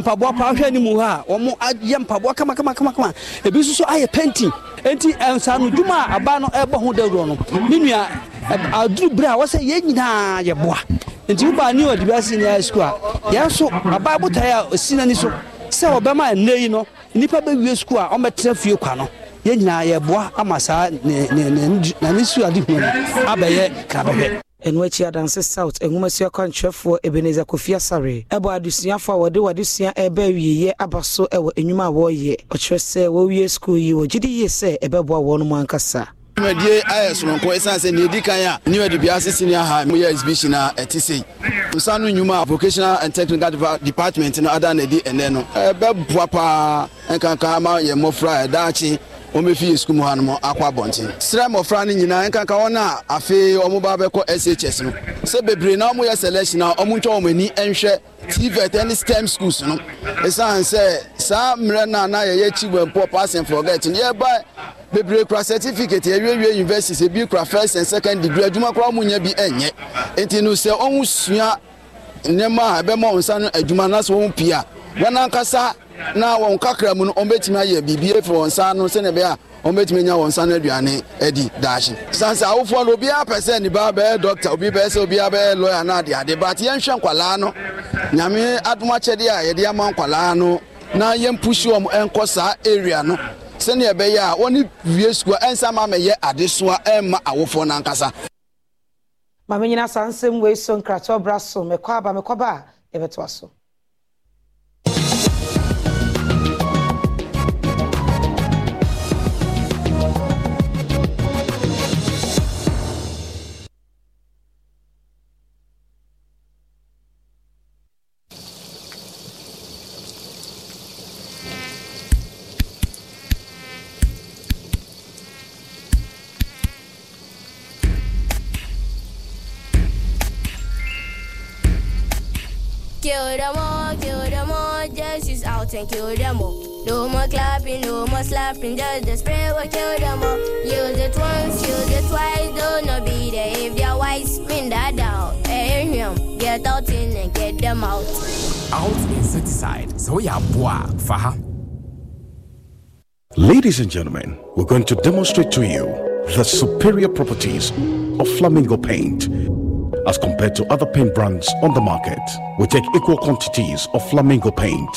mpaboa paa hwɛ ni hɔ a wɔn ayɛ mpaboa kama ebi nso so ayɛ painting nti nsaano dwuma a aba no ɛbɔ ho dawuro no ne nua aduru berɛ a wɔsɛ yɛn nyinaa yɛ boa nti wobaa ne ɔde biase ne high school a yɛn so abaa botae a ɔsi ni so sɛ ɔbɛma nnɛ yi no nnipa bɛwie school a ɔmɛtena fie kwa no yɛn nyinaa yɛboa ama saa ne ne ne ne ne su ade hu no abɛyɛ krabɛhwɛ ɛno akyi adanse south enwomasi akwankyerɛfoɔ ebeneza kofi asare ɛbɔ adesuafo a wɔde wadesua ɛbɛ wieyɛ aba so ɛwɔ enwuma a wɔreyɛ ɔkyerɛ sɛ wɔwie sukuu yi wɔgye di yie sɛ ɛbɛboa wɔn mu ankasa dwumadie ayɛ sononko ɛsiane sɛ neɛdi kan a new adubia sesi ne aha moyɛ exhibition a ɛte sei nsa nnwuma vocational and technical department no ada na ɛdi ɛnɛ no ɛbɛboa paa nkanka ama yɛ mmɔfra a ɛdaakye wɔmɛfi yɛ sukuu mu ha no mɔ akɔ abɔnten srɛ mmɔfra no nyinaa nkanka wɔn a afei wɔn ba bɛkɔ shs no sɛ bebree na wɔn yɛ selection a wɔn ntwa wɔn ani nhwɛ tvet ne stem schools no ɛsiane sɛ saa mmerɛ no na yɛyɛ kyi wɔ mpoɔ passing for get no yɛba bebree kura certificate yɛwiewie universities ebi kura first and second degree adwuma koraa wɔn nyɛ bi ɛnyɛ nti no sɛ wɔn sua nneɛma a ɛbɛma wɔn nsa no adwuma na so wɔn pia wɔn ankasa na wɔn kakra mu no wɔn bɛtumi ayɛ biribi efiri wɔn nsa ano sɛnɛ bɛyɛ a wɔn bɛtumi nya wɔn nsa no aduane adi daahye sansa awofoɔ no obiara pɛ sɛ ne ba bɛyɛ dɔkta obi bɛyɛ sɛ obiara bɛyɛ lɔya no ade ade but yɛnhwɛ nkwalaa no nyame adomakyɛdeɛ a yɛde ama nkwalaa no na mpusi wɔn nkɔ saa area no sɛnea ɛbɛyɛ a wɔne wie sukuu ɛnsa ma mɛyɛ adesoa ɛmma awofoɔ no ankasa maame nyina saa nsɛm wei so nkratoɔ bra so mɛkɔ aba mɛkɔba a yɛbɛtoa so kill them all, kill them all. Yes, she's out and kill them all. No more clapping, no more slapping. Just the spray will kill them all. Use it once, use it twice. Don't not be there if they're white. Spin that down. Air him. Get out in and get them out. Out in Cityside. So ya boa, faha. Ladies and gentlemen, we're going to demonstrate to you the superior properties of flamingo paint as compared to other paint brands on the market. We take equal quantities of flamingo paint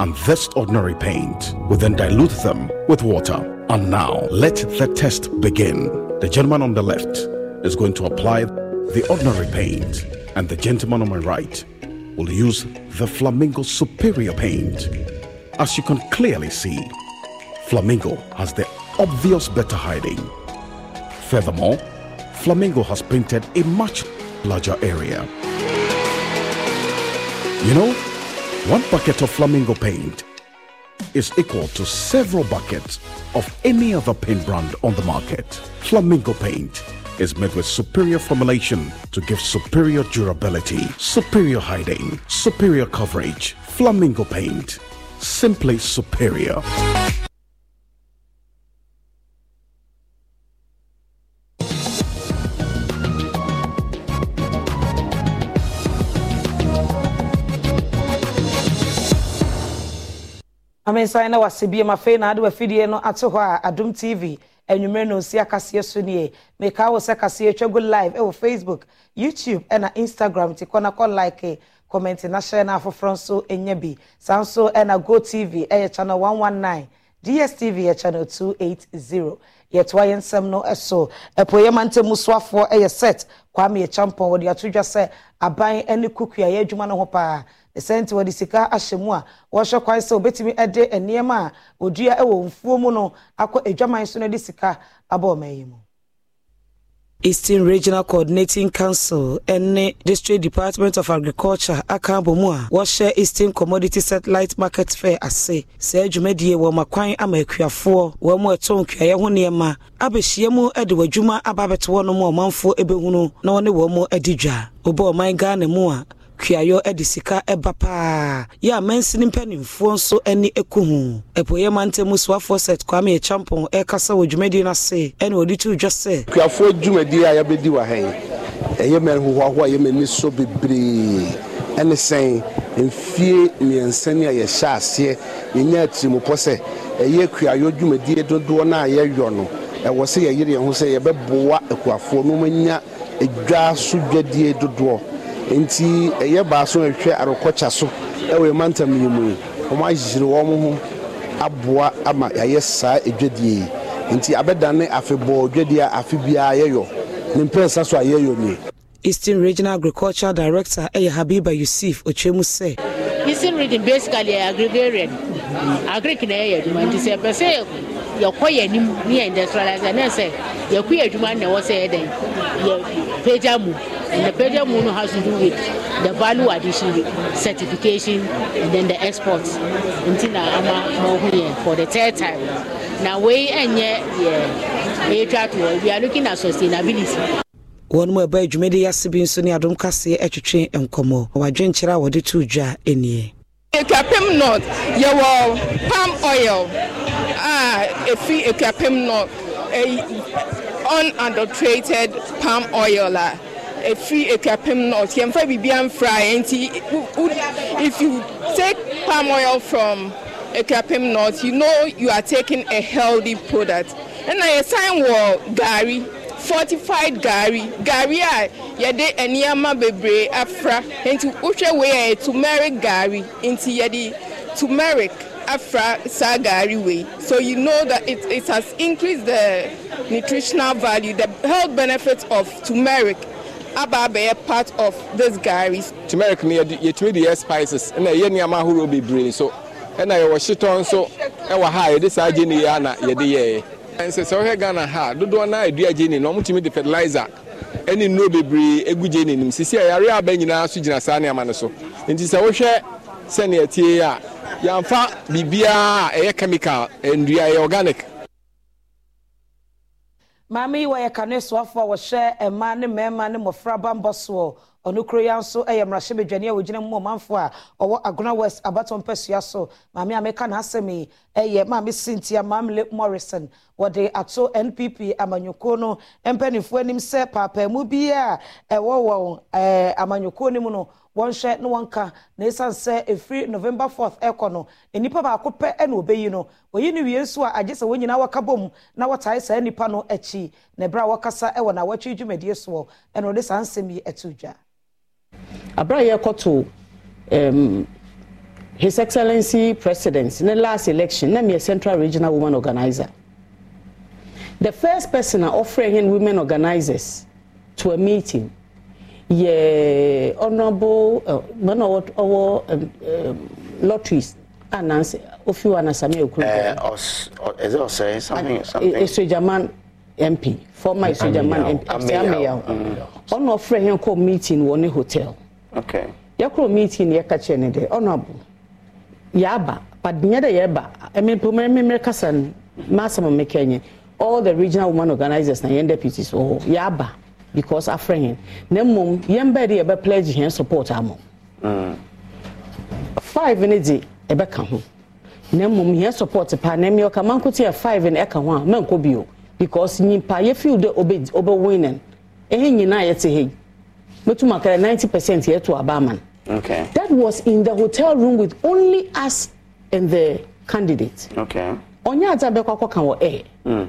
and this ordinary paint. We then dilute them with water. And now let the test begin. The gentleman on the left is going to apply the ordinary paint, and the gentleman on my right will use the Flamingo Superior paint. As you can clearly see, Flamingo has the obvious better hiding. Furthermore, Flamingo has painted a much larger area. You know, one bucket of flamingo paint is equal to several buckets of any other paint brand on the market. Flamingo paint is made with superior formulation to give superior durability, superior hiding, superior coverage. Flamingo paint, simply superior. maame nsan na wase ma afei na ade wafidie no ato hɔ a adom tv anwummerɛ na osi akaseɛ so nie meka wo sɛ kaseɛ twa gu live ɛwɔ facebook youtube ɛna instagram ti kɔ na kɔ like comment na hyɛ na afoforɔ nso ɛnya bi saa nso ɛna go tv ɛyɛ channel 119 dstv yɛ channel 280 yɛtoa yɛ nsɛm no ɛso ɛpo yɛ soafoɔ ɛyɛ set kwame yɛ champɔn wɔde ato dwa sɛ aban ne kuku yɛ adwuma no ho paa ɛsɛ nti wɔde sika ahyɛ mu a wɔhwɛ kwan sɛ wɔbɛtumi de nneɛma a wɔdua wɔ mfuo mu no akɔ adwaman so no de sika abɔ ɔman yi mu eastern regional coordinating council ɛne district department of agriculture aka abɔ mu a wɔhyɛ eastern commodity satellite market fair ase saa dwumadie wɔ makwan ama akuafoɔ wɔn mu ɛtɔ nkuaeɛ ho nneɛma abɛhyia mu de w'adwuma aba abɛto hɔ nom a ɔmanfoɔ bɛhunu na wɔne wɔn mu adi dwa ɔbɔ ɔman ghana mu a kuayɔ de sika ba paa yɛ a mansi ne mpanimfoɔ nso ani ku ho ɛpoyɛ mantamu soafoɔ set kwame ɛkyampɔn ɛrekasa wɔ dwumadie no ase ɛne ɔde to dwa sɛ kuafoɔ dwumadie a yɛbɛdi wɔ hɛn ɛyɛ mɛ hohoahoa yɛ m'ani sɔ bebree ɛne sɛn mfie mmiɛnsa ni a yɛhyɛ aseɛ yɛnya atirimupɔ sɛ ɛyɛ kuayɔ dwumadie dodoɔ no a yɛyɔ no ɛwɔ sɛ yɛyere yɛn ho sɛ yɛbɛboa akuafoɔ no manya edwa so dwadie dodoɔ nti ɛyɛ baaso a ɛhwɛ arokɔkya so ɛwɔ ɛma ntam yi mu yi wɔn ahyire wɔn ho aboa ama yɛayɛ saa adwadie yi nti abɛdane afebɔɔ dwadie a afe biara yɛyɔ ne mpɛnsa so a yɛyɔ eastern regional agricultural director ɛyɛ habiba yusuf otwemu sɛ. eastern region basically yɛ agrigarian agric na ɛyɛ adwuma nti sɛ ɛpɛ sɛ yɛkɔ yɛn anim ne yɛ industrialize ne sɛ yɛkɔ yɛ adwuma na ɛwɔ sɛ yɛ dɛn yɛ pagya mu and the pagya mu no has to do with the value addition certification and then the export nti na ama ma ɔho yɛn for the third time na wei ɛnyɛ yɛ ɛtwa toɔ we are looking at sustainability wɔn mu ɛbɔ adwumadi ase bi nso ne adom kaseɛ atwitwe nkɔmmɔ wɔadwenkyerɛ a wɔde to dwa nie atwapem north yɛwɔ palm oil Ah, a efi ekuapem no unadulterated palm oil ah. a efi ekuapem no yɛmfa biribiara mfra nti if you take palm oil from ekuapem north you know you are taking a healthy product ɛna yɛsan wɔ gari fortified gari gari a ah, yɛde nneɛma bebree afra nti wohwɛ wei a turmeric gari nti yɛde turmeric. Afra way, So you know that it, it has increased the nutritional value, the health benefits of turmeric. aba part of this gari. turmeric ni yɛtumi de yɛ spices ɛna yɛ nneɛma ahorow bebree nso ɛna yɛwɔ hyetɔ nso ɛwɔ ha yɛde saa gyeene yɛ ana yɛde yɛɛ. nsɛ sɛ wohɛ ghana ha dodoɔ no a ɛdua gyeene no ɔmotumi de fertilizer ɛne nnuro bebree ɛgu gyeene nim sisi a yɛare aba nyinaa so gyina saa nneɛma no so nti sɛ wohwɛ sɛneɛ tie a yɛamfa biribiaa a ɛyɛ chemical ndua ɛyɛ organic maame yi wɔyɛ kane soafoɔ a wɔhyɛ mmaa ne mmarima ne mmɔfra bambɔ soɔ ɔno kuro yi nso yɛ mmarahyɛbadwani a wɔgyina mu ɔmanfoɔ a ɔwɔ agona west abatɔ mpasua so maame a meka n'asɛm yi yɛ maame cynthia mamle morrison wɔde ato npp amanyɔkuo no mpanimfoɔ anim sɛ paapaamu bi a ɛwɔ wɔn amanyɔkuo no mu no wɔnhwɛ eh, eh, eh, na wɔnka na ɛsiane sɛ ɛfiri november 4th ɛkɔ no nnipa baako pɛ na ɔbɛyi no ɔyi no wie nso a agye sɛ wɔn nyinaa wɔka bom na wɔtae saa nnipa no akyi na ɛberɛ a wɔkasa wɔ n'awɔtwe dwumadie soɔ ɛna ɔde saa nsɛm yi ɛto dwa abrɛ yɛkɔto um, his excellency president in the last election na me a central regional Woman organizer the first person offering women organizers to a meeting yɛ honourable gbɔna eh, ɔwɔ lotteries anansi ah, ofi wa anasami okuru. ɛɛ eh, ɔs ɛsɛ ɔsɛ ah, something eh, something. esojaman mp former esojaman mp ɛsɛ ameya o ɔna ɔfrɛ kɔ meeting wɔ ne hotel. okay. yɛkɔrɔ meeting yɛ kakyɛ ne dɛ honourable yaba but yaba. dɛ yɛba ɛmi mpoma ɛmi mɛ kasa no maa sɛ mo mɛ kɛ nye all the regional women organizers na yɛn deputies wɔ oh, yaba because afrɛ hɛn na mmom yɛn bɛɛ de yɛbɛ pledge hɛn support amɔ mm. five ne de ɛbɛka ho na mmom yɛn support paa na mmea ɔka manko te yɛ five ne ɛka ho a mɛnko bio because nyimpa yɛfiw dɛ ɔbɛ ɔbɛ winning ɛhɛn nyinaa yɛte hɛ mɛtum akara ninety percent yɛto aba ama okay that was in the hotel room with only us and the candidate okay ɔnyɛ ata bɛkɔ akɔka wɔ air. Mm.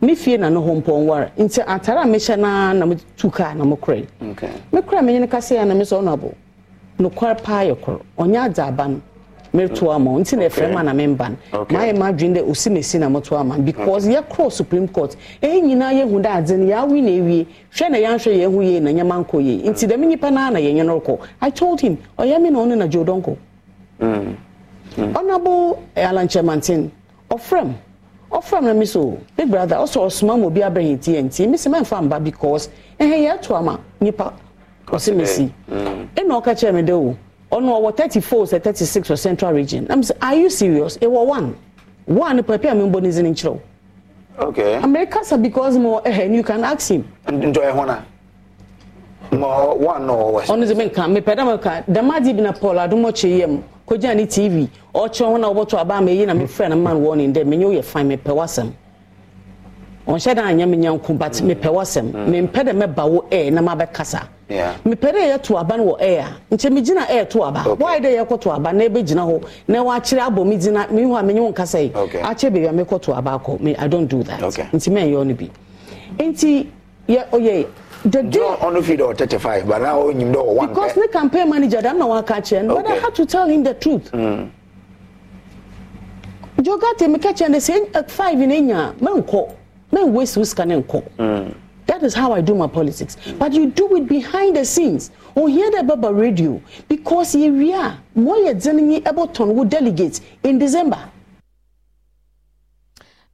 me fie na no ho mpɔn ware nti a mehyɛ naa na metu kaa na mokora yi mekora menye no ya na mesɛ ọnụ nokware paa yɛ ya ɔnyɛ onye aba no meretoa mm. ama wo nti na ɛfrɛ ma na memba ma maayɛ ma adwene dɛ na mesi na motoa ama because yɛkorɔ supreme court ɛyɛ adze ya na ewie hwɛ na yɛanhwɛ na nti na i told him me na ɔfra mmerɛ mi so big brother ɔsɛ ɔsoma ma obi abɛn ti yɛn ti mi sɛ mɛmfa mba because ɛhɛn yɛ ato ama nipa ɔsi mi mm. si ɛna ɔka kyerɛ mi dɛ o ɔno ɔwɔ oh, thirty four sɛ thirty six for central region na mi sɛ are you serious ɛwɔ one one pɛpɛ a mi bɔ ne zin nkyerɛw okay america sa because mo ɛhɛn eh, eh, you can ask him. ntɔ ɛhɔn na. one or west. ọnụ zime nka bi na paul adumọchi yam kogya ne tv ho na wɔbɔtɔ aba ama na mefrɛ hmm. no man warning dɛ menyɛ woyɛ fine mepɛ w'asɛm ɔnhyɛ dɛ anyɛ me nyanko but mepɛ w'asɛm mempɛ dɛ mɛba wo air na mabɛkasa mepɛ dɛ yɛto aba no wɔ nkyɛ megyina to aba dɛ aba na ɛbɛgyina hɔ na wɔakyerɛ abɔ me a menye wo akyerɛ baabi a aba akɔ i don't do that nti no bi nti yɛ the deal on feed or 35 but now you know one because the campaign manager that no one catching okay. but i had to tell him the truth mm. jogate me catching the same eh, five in enya men ko men waste who's hmm. can ko that is how i do my politics but you do it behind the scenes on hear the baba radio because here we are more than any able to delegate in december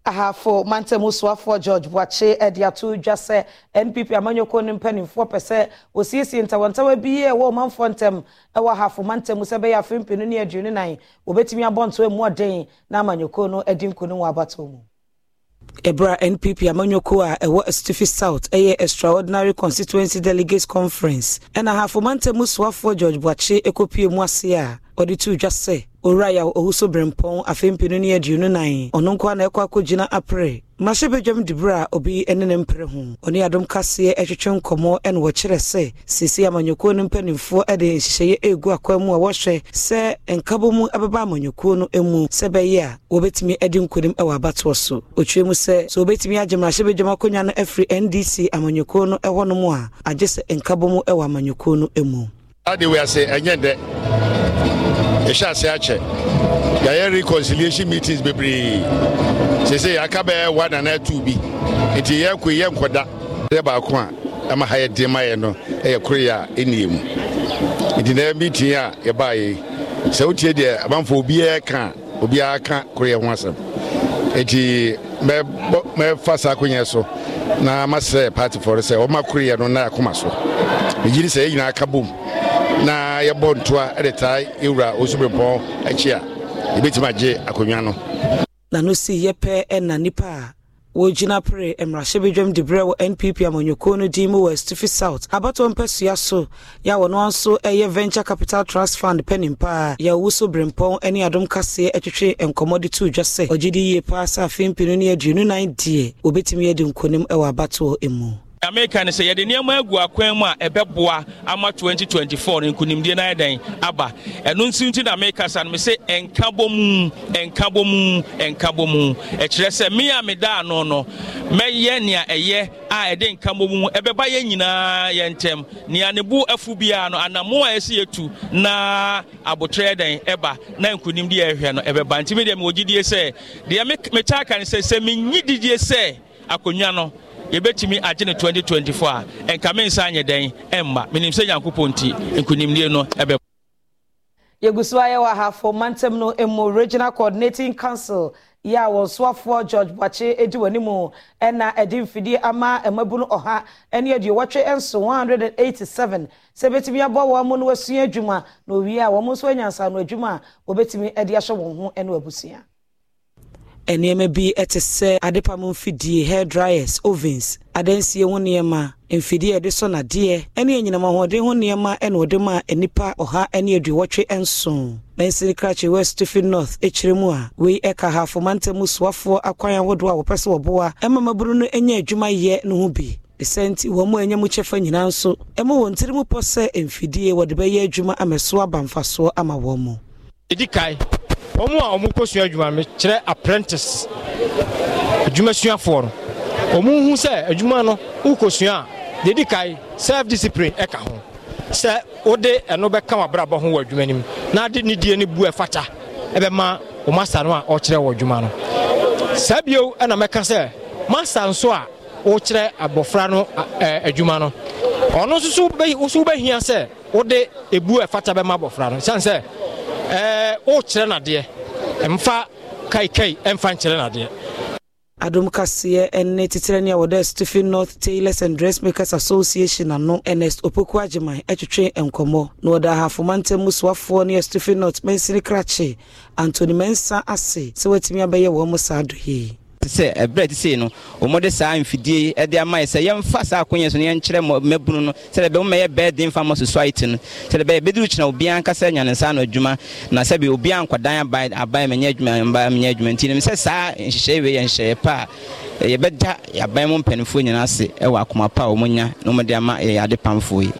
ahafo mantam soafoɔ george boakye de ato dwa sɛ npp amanyɔkuo no mpanimfoɔ pɛ sɛ wɔsiesie ntawɔntawa bi yɛ ɛwɔ ɔmanfoɔ ntɛm ɛwɔ ahafo mantam sɛ bɛyɛ afe mpenu ne aduonu nan wɔbɛtumi abɔ ntoa mu ɔden na amanyɔkuo no adi nkono wɔ abatoɔ mu ɛbra npp amanyɔkuo a ɛwɔ stufi south ɛyɛ extraordinary constituency delegates conference ɛna ahafo mantam soafoɔ george boakye ɛkɔpie mu ase a ɔde to dwa sɛ owuraya owuso berempɔn afe mpinu ne aduonu nan ɔno nko a na ɛkɔ akɔgyina aprɛ mmarahyɛbadwam de a obi ne ne mpere ho ɔne adom kaseɛ nkɔmmɔ ne wɔkyerɛ sɛ seesei amanyɔkuo no mpanimfoɔ de nhyehyɛeɛ egu akwan mu a wɔhwɛ sɛ nkabɔ mu amanyɔkuo no mu sɛ a wɔbɛtumi adi nkonim abatoɔ so mu sɛ sɛ wɔbɛtumi agye mmarahyɛbadwam akonnwa no afiri ndc amanyɔkuo no a agye sɛ nkabɔ mu amanyɔkuo no ɛhyɛ ase akyɛ yɛayɛ reconciliation meetings bebree sese yɛaka bɛyɛ one anaa two bi nti yɛkɔ yɛ nkɔda yɛ baako a ɛma ha yɛ den ma yɛ no ɛyɛ koro yɛ a ɛnie mu nti na meeting a yɛbaayɛ sɛ wotie deɛ amanfoɔ obiara ka a obiara ka koro yɛ ho asɛm nti mɛbɔ mɛfa saa akonnwa so na masɛ party fɔ sɛ ɔma koro yɛ no na yɛakoma so megyiri sɛ yɛ nyinaa ka bom na yɛbɔ ntoa ɛde taa ewura osumepɔn akyi a yɛbɛtumi agye akonnwa no. na si yɛpɛ ɛna nipa a wɔgyina pere mmarahyɛbadwam de berɛ wɔ npp amanyɔkuo no din mu wɔ astufi south abatɔ mpɛsua so yɛ a wɔno nso ɛyɛ venture capital trust fund panim paa yɛwowo so berempɔn ne adom kaseɛ atwitwe nkɔmmɔ de too dwa sɛ ɔgye de yie paa sɛ afei mpinu ne aduonu nan deɛ wɔbɛtumi yɛde nkonim wɔ abatoɔ mu amerika ne sɛ yɛde nneɛma agu akwan mu a ɛbɛboa ama 2024 no nkonimdie no ayɛ dɛn aba ɛno nsi nti na amerika sa no me sɛ ɛnka bɔ ɛnka bɔ ɛnka bɔ ɛkyerɛ sɛ me a meda ano no mɛyɛ nea ɛyɛ a ɛde nka bɔ ɛbɛba yɛ nyinaa yɛ ntɛm nea ne bo afu biara no anamo a ɛsi yɛtu na abotrɛ dɛn ɛba na nkonimdie ɛhwɛ no ɛbɛba nti medeɛ mewɔ gyidie sɛ deɛ metaa ka ne sɛ sɛ menyi didie sɛ akonnwa no yɛbɛtumi agye ne 2024 a ɛnka me nsa anyɛ dɛn ɛmma menim sɛ nyankopɔn nti nkonimdie no ɛbɛ yɛgu so ayɛ wɔ ahafo mantam no mu regional coordinating council yɛ a wɔn soafoɔ george buakye di wɔn anim ɛna ɛde mfidie ama mmabunu ɔha ne aduowɔtwe nso 187 sɛ ebɛtumi aboa wɔn mu no wɔasua adwuma na owie a wɔn nso anyansa no adwuma a wɔbɛtumi de ahyɛ wɔn ho ne abusua nneɛma bi te sɛ adepam mfidie hair dryers ovens adansie ho nneɛma mfidie a yɛde sɔ nadeɛ ne anyinam ahoɔden ho nneɛma na wɔde ma nnipa ɔha ne aduwɔtwe nson mansini krakye west tifi north akyire mu a wei ɛka hafo mantam mu soafoɔ akwan ahodoɔ a wɔpɛ sɛ wɔboa ɛma maburu no anya adwumayɛ no ho bi ɛsɛnti wɔn mu anya mu kyɛfa nyinaa nso ɛma wɔn tirim pɔ sɛ mfidie wɔde bɛyɛ adwuma ama so aba mfasoɔ ama wɔn mu wɔn a wɔn kɔsua adwuma no kyerɛ apprentice adwumasuafoɔ no wɔn hu sɛ adwuma no wokɔsua a deɛ di kae self discipline ɛka ho sɛ wode ɛno bɛka w'abrabɔ ho wɔ adwuma no na de ne die ne bu ɛfata ɛbɛma wɔn asa no a ɔkyerɛ wɔ adwuma no saa bio ɛna mɛka sɛ masa nso a wokyerɛ abɔfra no adwuma no ɔno nso so wobɛhia sɛ wode ɛbu ɛfata bɛma abɔfra no siane sɛ wokyerɛ eh, nadeɛ mfa kaikai mfa nkyerɛ nadeɛ adom kaseɛ ne titire ne a wɔda stephen north tailors and dressmakers association ano ernest opoku agyeman atwitwe nkɔmmɔ na wɔda ahafoma ntam musoafoɔ ne stephen north mansini krakye antony mansa ase sɛ watumi abɛyɛ wɔn mu saa adoyie te sɛ ɛberɛ eh, te sei no ɔmɔde saa mfidie ɛde ama yɛ sɛ yɛmfa saa akonyɛ so no yɛnkyerɛ mmabunu no sɛdeɛ bɛmoma yɛ bɛɛ den fa ma society no sɛdeɛ bɛyɛ bɛduru kyena obiaa nka sɛ nya ne nsa no adwuma na sɛbi obiaa nkwadan aban aban mɛnyɛ adwuma mba mɛnyɛ adwuma nti nim sɛ saa nhyehyɛe wei yɛ nhyehyɛe pa a eh, yɛbɛda yɛaban mu mpanimfoɔ nyinaa ase ɛwɔ akoma pa a ɔmɔnya na ɔmɔde ama yɛ ade pamfoɔ yi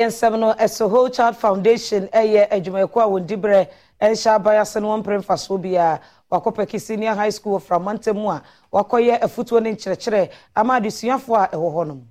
yɛnsɛm no ɛsɛ whole child foundation ɛyɛ adwumayɛkuo a wɔn di berɛ ɛnhyɛ abayase no wɔn mpere mfasoɔ biara Wakopeki senior high school from Mantemua, Wakoye wakɔyɛ afutuo ne ama adesuafoɔ a ɛwɔ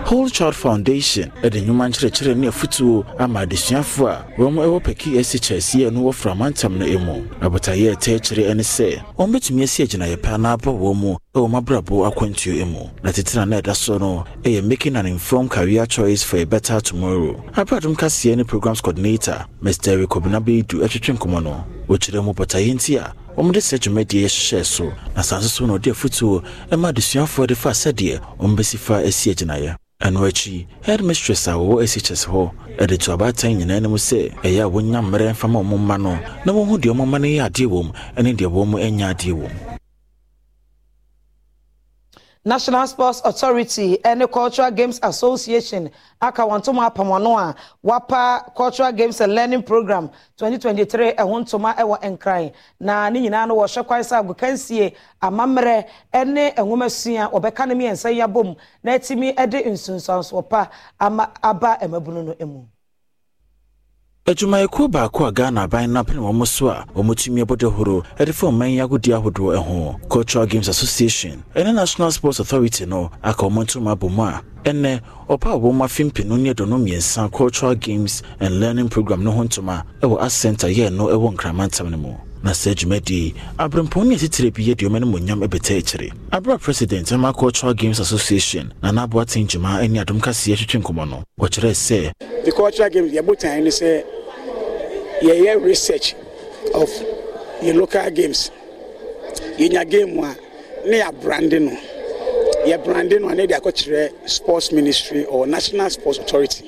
whole child foundation ɛde nnwuma nkyerɛkyerɛ ne afotuo ama adesuafoɔ a wɔn ɛwɔ pɛki asi kyɛseɛ no wɔ framantam no mu abotaeɛ ɛtɛ kyerɛ ne sɛ wɔn bɛtumi asi agyinayɛ pɛ na abɔ wɔn mu ɛwɔ mabrabɔ akwantuo mu na tetena na ɛda so no ɛyɛ making an informed career choice for a better tomorrow abradom kaseɛ ne programs coordinator mr eric obinabeidu ɛtwetwe nkɔmmɔ no wɔkyerɛ mu botaeɛ nti a wɔmde sɛ dwumadie hyehyɛɛ so na saa nso na ɔde afotuo ma adesuafoɔ de faa sɛdeɛ ɔmbɛsi fa asi agyinaeɛ ɛno akyi head mistress a wɔwɔ asikyɛse hɔ ɛde to abaatan nyinaa no mu sɛ ɛyɛ a wɔnya mmerɛ mfama ɔmo mma no na wɔhu deɛ ɔmo mma no yɛ adeɛ wɔ mu ne deɛ wɔn anya adeɛ wɔ national sports authority ɛne cultural games association aka wɔn ntoma apam wɔn a wapa cultural games and learning program 2023 ɛho ntoma ɛwɔ nkran na ne nyinaa no wɔhwɛ kwan sɛ agokansie amammerɛ ɛne ɛnwoma sua wɔbɛka ne mmiɛnsa yi abom na ɛtumi ɛde nsonsansoɔ pa ama aba ɛmabunu no mu adwumayɛkuo baako a ghana aban no apene wɔn so a wɔmutumi abɔ de horo de fa ɔman yi agodi ahodoɔ ho cultural games association ɛne national sports authority no aka wɔn ntom abɔ mu a ɛnɛ ɔpa a wɔn afimpinu ne adono mmiɛnsa cultural games and learning program no ho ntoma wɔ center yɛn no wɔ nkramantam no mu na sɛ dwumadi aberempɔn ne atitire bi yɛ deɛ ɔma no monyam bɛta akyire abera president ɛma cultural games association na n'aboaten gyima ne adom kaseɛ twetwe nkɔmmɔ no wɔkyerɛɛ sɛ the cultural games yɛbotan ne sɛ yɛyɛ research of yɛ local games yɛnya game a ne yɛabrande no yɛbrande no a ne de akɔkyerɛ sports ministry or national sports authority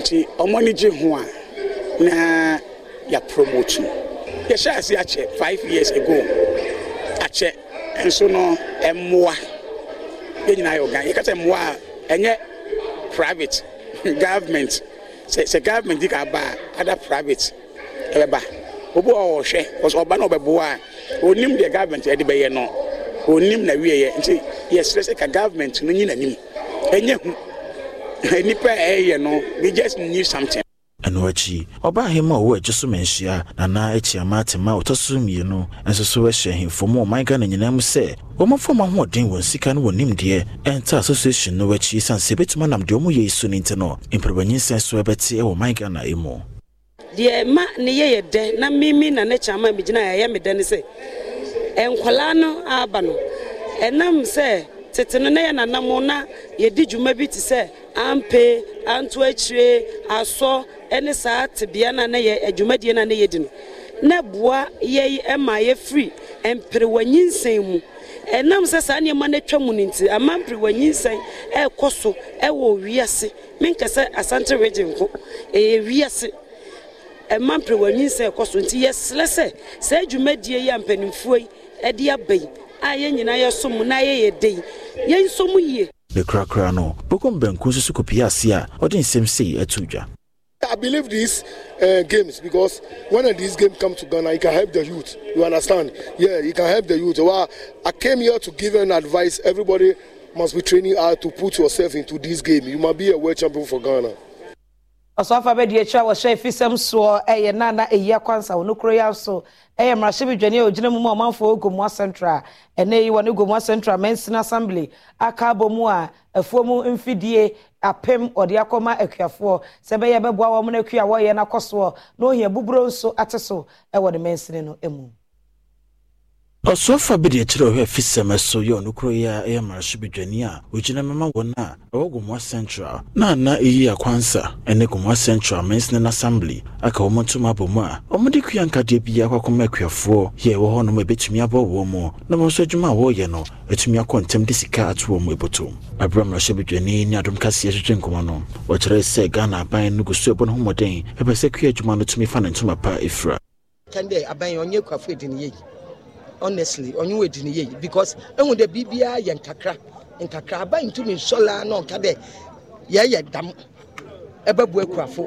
nti ɔmɔ ne gye ho a na yɛapromote no yɛhyɛ ase akyɛ five years ago akyɛ nso no mmoa yɛn nyinaa yɛ ɔgan yɛka sɛ mmoa a ɛnyɛ private government sɛ sɛ government yi ka aba a ada private ɛbɛba obi a ɔhwɛ ɔba na ɔbɛboa a onim deɛ government yɛde bɛyɛ no onim na wieyɛ nti yɛsrɛ sɛ ka government no nyi n'anim ɛnyɛ hu nipa a ɛyɛ no they just knew something. no akyi ɔbaa hema ɔwɔ so manhyia atema ɔtɔ so mmienu so ahemfo mu ɔman ghana nyinaa mu sɛ ma ahoɔden wɔn sika no wɔ nimdeɛ ɛnta association no akyi sɛ ɛbɛtumi anam deɛ yi so no nti no mprɛbanyinsɛn so ɛbɛte ghana mu deɛ ma ne yɛ yɛ dɛn na mimi na ne kyama megyina ɛyɛ me tete no na yɛ nanam na yɛdi dwuma bi te sɛ ampe anto akyire asɔ ne saa tebea no a na yɛ adwumadie no a na yɛdi no na boa yɛyi ma yɛfiri mperewanyinsɛn mu ɛnam sɛ saa nneɛma no atwa mu no nti ama mperewanyinsɛn ɛrekɔ so ɛwɔ wiase menka sɛ asante regye nko ɛyɛ wiase ɛma mperewanyinsɛn ɛkɔ so nti yɛsrɛ sɛ saa adwumadie yi a mpanimfoɔ yi ɛde aba yi a yɛn nyinaa yɛsom na yɛyɛ dei yɛnsom yie bɛkorakora no bokom bɛnko nso so kɔpie ase a ɔde nsɛm sei ato dwa I believe these uh, games because when these games come to Ghana, it can help the youth. You understand? Yeah, it can help the youth. Well, I came here to give an advice. Everybody must be training hard to put yourself into this game. You must be a world champion for Ghana. ɔsɔfo abɛdi akyi a wɔhyɛ efisɛm soɔ ɛyɛ nana eyi akwansa wɔn kuro ya so ɛyɛ mmarahyɛbadwani a ogyina mu mu a ɔmanfoɔ gomua central ɛnna eyi wɔn gomua central mɛnsina assembly aka abɔ mu a afuom mfidie apem ɔde akɔma akuafoɔ sɛ ɛbɛyɛ bɛboa wɔn na akua wɔyɛ n'akɔsoɔ na ohia buburo nso ate so ɛwɔ ne mɛnsini no emu. ɔsoafa bi deɛ kyerɛ ɔhwɛ afisɛm so yɛ ɔno koro yi a ɛyɛ mmaraso badwani a ɔgyina mɛma wɔn a ɛwɔ gomoa central na ana ɛyi akwansa ɛne gomoa central mansnan assembly aka wɔn ntom abɔ mu a ɔmode kua nkadeɛ bi akɔkɔma akuafoɔ yɛ ɛwɔ hɔ nom ɛbɛtumi abɔ wɔn mu na wɔn nso adwuma a wɔreyɛ no atumi akɔ ntɛm de sika ato wɔn mu ɛbɔtɔ aberɛ mmaraso badwani ne adom kaseɛ hwehwɛ nkɔmɔ no wɔkyerɛ sɛ ghana aban no gu so ɛbɔ no homɔden ɛpɛ sɛ kua adwuma no tumi fa ne ntoma pa ɛfira honestly ɔnye wo edini yie because ehu de biribiara yɛ nkakra nkakra aba ntumi nsɔla na ɔka dɛ yɛyɛ dam ɛbɛbu ekurafo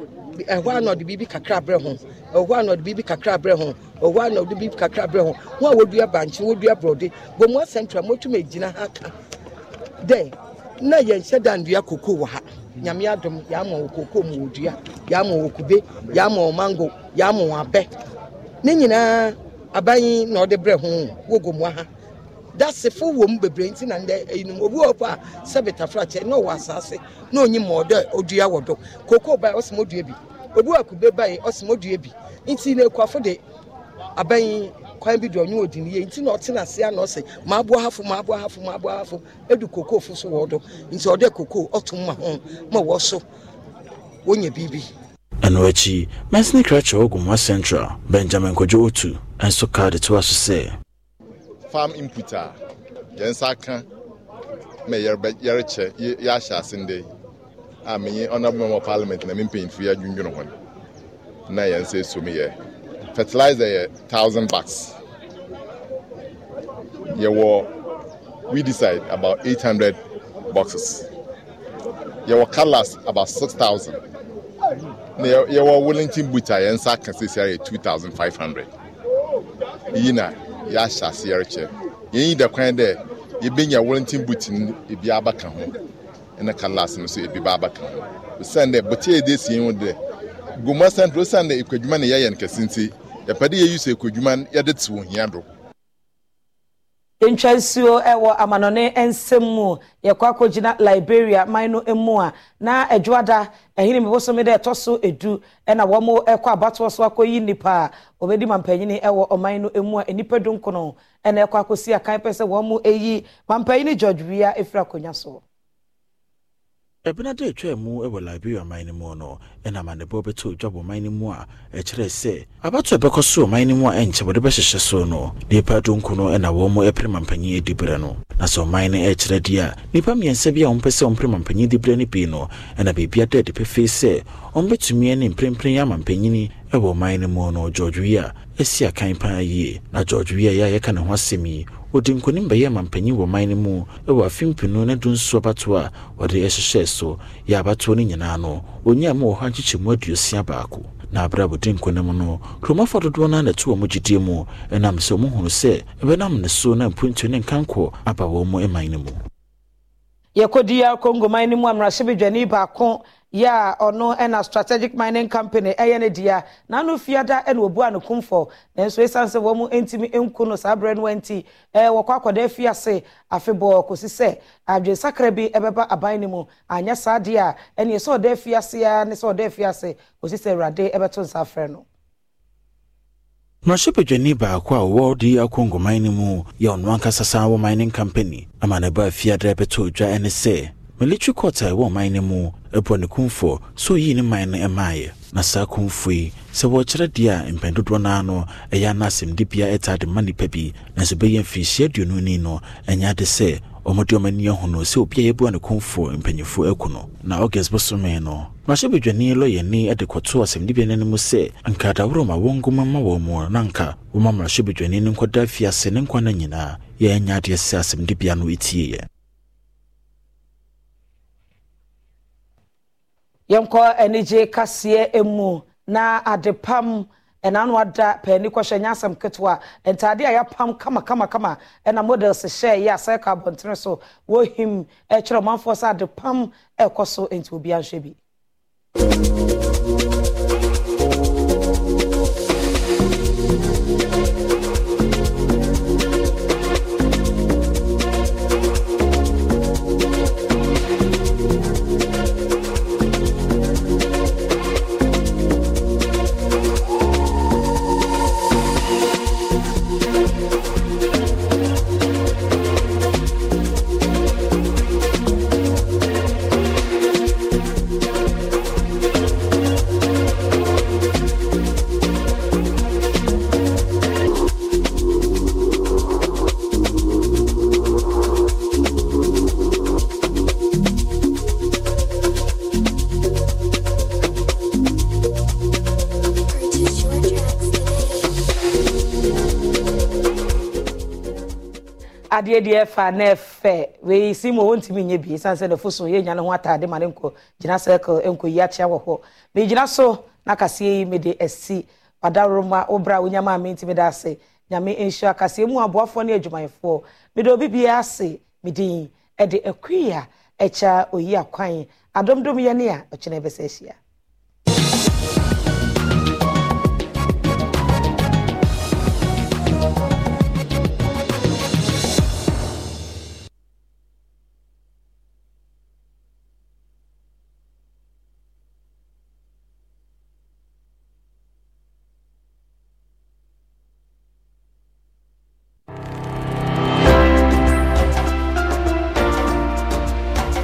ɛhɔ a na ɔde biribi kakra abrɛ ho ɛhɔ a na ɔde biribi kakra abrɛ ho ɛhɔ a na ɔde biribi kakra abrɛ ho wɔn a wɔdua bankye wɔdua borɔde bomu asɛntura mɔtum egyina ha ka dɛ na yɛn hyɛ dandua koko wɔ ha nyame adom yɛama wɔ koko mu wɔ dua yɛama wɔ kube yɛama wɔ mango yɛama wɔ abɛ ne nyinaa. aban na ɔde brɛ ho wogo mu aha dasefo wɔ mu bebree nti na ndị eyinom obi wɔ hɔ a sɛbita frakyɛ na ɔwɔ asaase na onyi ma ɔdɛ odua wɔ do koko ba ọsị mo dua bi obi wɔ akube ba ɔsi mo dua bi nti na ekuafo de aban kwan bi do ɔnye odi ne yie nti na ɔtena ase na ɔsɛ maa bo ahafo ma bo ahafo maa bo ahafo edu koko fo so wɔ do nti ɔdɛ koko ọtụ mma ma ma wɔ so wonya biribi. ɛno akyi mɛsene kra kyerɛ wɔ central benjamin kwadwo otu ɛnso ka de toa so sɛ farm input a yɛn nsa ka ma yɛrekyɛ yɛahyɛ ase ndɛ a menye honorable member parliament na me mpanyimfo yi adwindwono ho na yɛn nsa esum fertilizer yɛ thousand bucks yɛwɔ we decide about eight hundred boxes yɛwɔ colors about six thousand na yɛwɔ wellington boot a yɛn nsa ka sisi ayɛ two thousand five hundred yi na yɛahyɛ aseɛ rekyɛ yɛn yi da kwan dɛ yɛbɛnya wellington boot no ebi abaka ho ɛna kalas no nso ebi ba abaka ho osan dɛ bɔtɛ yɛ de esi yɛn ho dɛ goma central osan dɛ ekwadwuma na yɛyɛ no kɛse nti yɛpɛ de yɛyi so ekwadwuma yɛde te wɔn hia do ntwa nsuo eh, wɔ amanɔne nsɛm mu yɛkɔ akɔgyina liberia man no mu a na adwoada ahene mbosome dɛ ɛtɔ so edu ɛna wɔn eh, kɔ abatoɔ so akɔyi nipa eh, a wɔbɛdi mampanyini wɔ ɔman no mu a nipa dunkunu ɛna ɛkɔ akɔsi akan pɛ sɛ wɔn yi mampanyini george wia efiri akonnwa so. ebina da atwaa mu wɔ liberia man no mu no ɛna amanebɔ bɛtɔ dwa wɔ man no mu a ɛkyerɛ sɛ abato ɛbɛkɔ so wɔ man no mu a ɛnkyɛ wɔde bɛhyehyɛ so no nnipa donku no ɛna wɔn mu ɛpere mampanyin adi berɛ no na sɛ ɔman no ɛkyerɛ deɛ a nnipa mmiɛnsa bi a wɔmpɛ sɛ wɔmpere mampanyin di berɛ no bi no ɛna biribia da ade pefee sɛ ɔmbɛtumi ne mprempren amampanyini ɛwɔ ɔman no mu no george wia asi akan pan yie na george wia yɛ a yɛka ne ho asɛm yi wɔde nkonim bɛyɛ mampanyin wɔ man no mu wɔ afe pinu ne du nso abatoɔ a wɔde ɛhyehyɛɛ so yɛ abatoɔ no nyinaa no onyaa ma wɔ hɔ ankyekyɛmu aduosia baako na abrɛ a wɔdi mu no kuromafo dodoɔ no anɛto wɔ mo gyidie mu ɛnam sɛ ɔmohunu sɛ ɛbɛnam ne so na mpuntuo ne nkankɔ aba wɔn mu man no mu yɛkɔdi yɛ congo man no mu amarahyɛbadwani baako yɛ a ɔno ɛna strategic mining company ɛyɛ no dia n'ano fiada ɛna obua no kumfɔ nanso esiane sɛ wɔn ntumi nku no saa berɛ no nti ɛɛ e, wɔkɔ akɔda afi ase afebɔɔ kɔsi sɛ adwensakra bi ɛbɛba aban no mu anya saa deɛ a ɛneɛ sɛ ɔda afi ase a ne sɛ ɔda afi ase sɛ awurade ɛbɛto nsa afrɛ no na ɔhyɛpadwani baako a wɔwɔ de akɔ nkoman no mu yɛ ɔno ankasa saa wɔ mining company ama ne ba afiada bɛtɔ odwa ne sɛ military court a ɛwɔ ɔman no mu ɛbɔ ne kumfoɔ sɛ ɔyii ne man no ɛmaeɛ na saa kumfoɔ yi sɛ wɔkyerɛ deɛ a mpɛn dodoɔ no ano ɛyɛ ana asɛmdibea ɛtaa de ma nnipa bi nanso bɛyɛ mfirinhyia aduonu ni no ɛnyɛ ade sɛ ɔmɔde ɔmani ahu no sɛ obia yɛbua ne komfo mpanyimfo aku no na august bosome no na ɔhyɛ badwani lɔyɛni de kɔtoo asɛmdibea no anim sɛ anka adaworɔ ma wɔngoma ma wɔn mu na anka wɔma mmarahyɛ badwani no nkɔda afiase ne nkwa no nyinaa ɛnya adeɛ sɛ asɛmdibea no ɛtieeɛ yɛnkɔ anigye kaseɛ mu na adepam ɛna no ada paani kɔhyɛ nyɛ asɛm ketewa ntaade a yɛapam kamakamakama ɛna models hyɛ yɛ asɛ ka abɔntene so wɔhim ɛkyerɛ ɔmanfoɔ sɛ ade pam ɛkɔ so nti nhwɛ bi. adfa deɛ wee na ɛfɛ wei si mu wɔntumi nyɛ bi san sɛ nwata so yɛnya ne ho ataade ma ne nko gyina circle nko yi akyea wɔ hɔ megyina so na kaseɛ yi mede ma wadaroma wobra wonyama a mentimi da ase nyame nhyira kaseɛ mu aboafoɔ ne adwumayɛfoɔ mede obi bia ase medin ɛde a oyi akwan adomdom yɛ ne a bɛsɛ